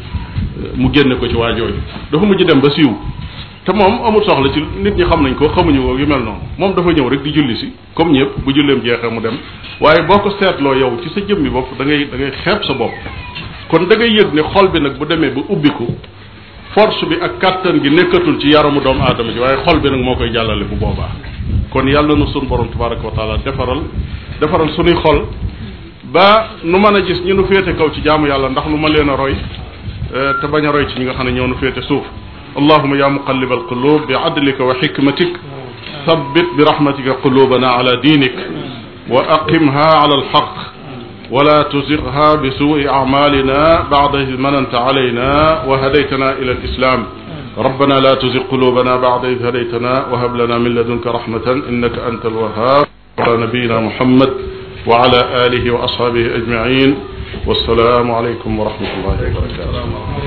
mu génne ko ci waajooju dafa mujj dem ba siiw te moom amul soxla ci nit ñi xam nañ ko xamuñu ko yu mel noonu moom dafa ñëw rek di julli si comme ñëpp bu julleem jeexee mu dem waaye boo ko seetloo yow ci sa jëmmi bopp da ngay da ngay xeeb sa bopp kon da ngay yëg ne xol bi nag bu demee ba ubbiku force bi ak kàttan gi nekkatul ci yaramu doomu aadama ji waaye xol bi nag moo koy jàllale bu boobaa kon yàlla na sun borom tabaraka wa taala defaral defaral nuy xol ba nu mën a gis ñi nu féete kaw ci jaamu yàlla ndax nu ma leen a roy eh, ci ñi nga xam ne ñoo nu féete suuf allahuma ya muqallib alqulub bi adlika wa xikmatik sabbit bi rahmatika qulubana ala diinik wa aqimha ala alxaq wala tuziqha bi suui acmalina bacda id mananta calayna wa hadaytana ila alislam rabbana la tuzig qulubana bacda id hadaytana wa hab lana min ladunka rahmatan innaka anta alwahhab ala nabiyina muhammad wa ala alihi wa ashabihi ajmain wassalaamu aleykum wa rahmatullahi wa barakatuh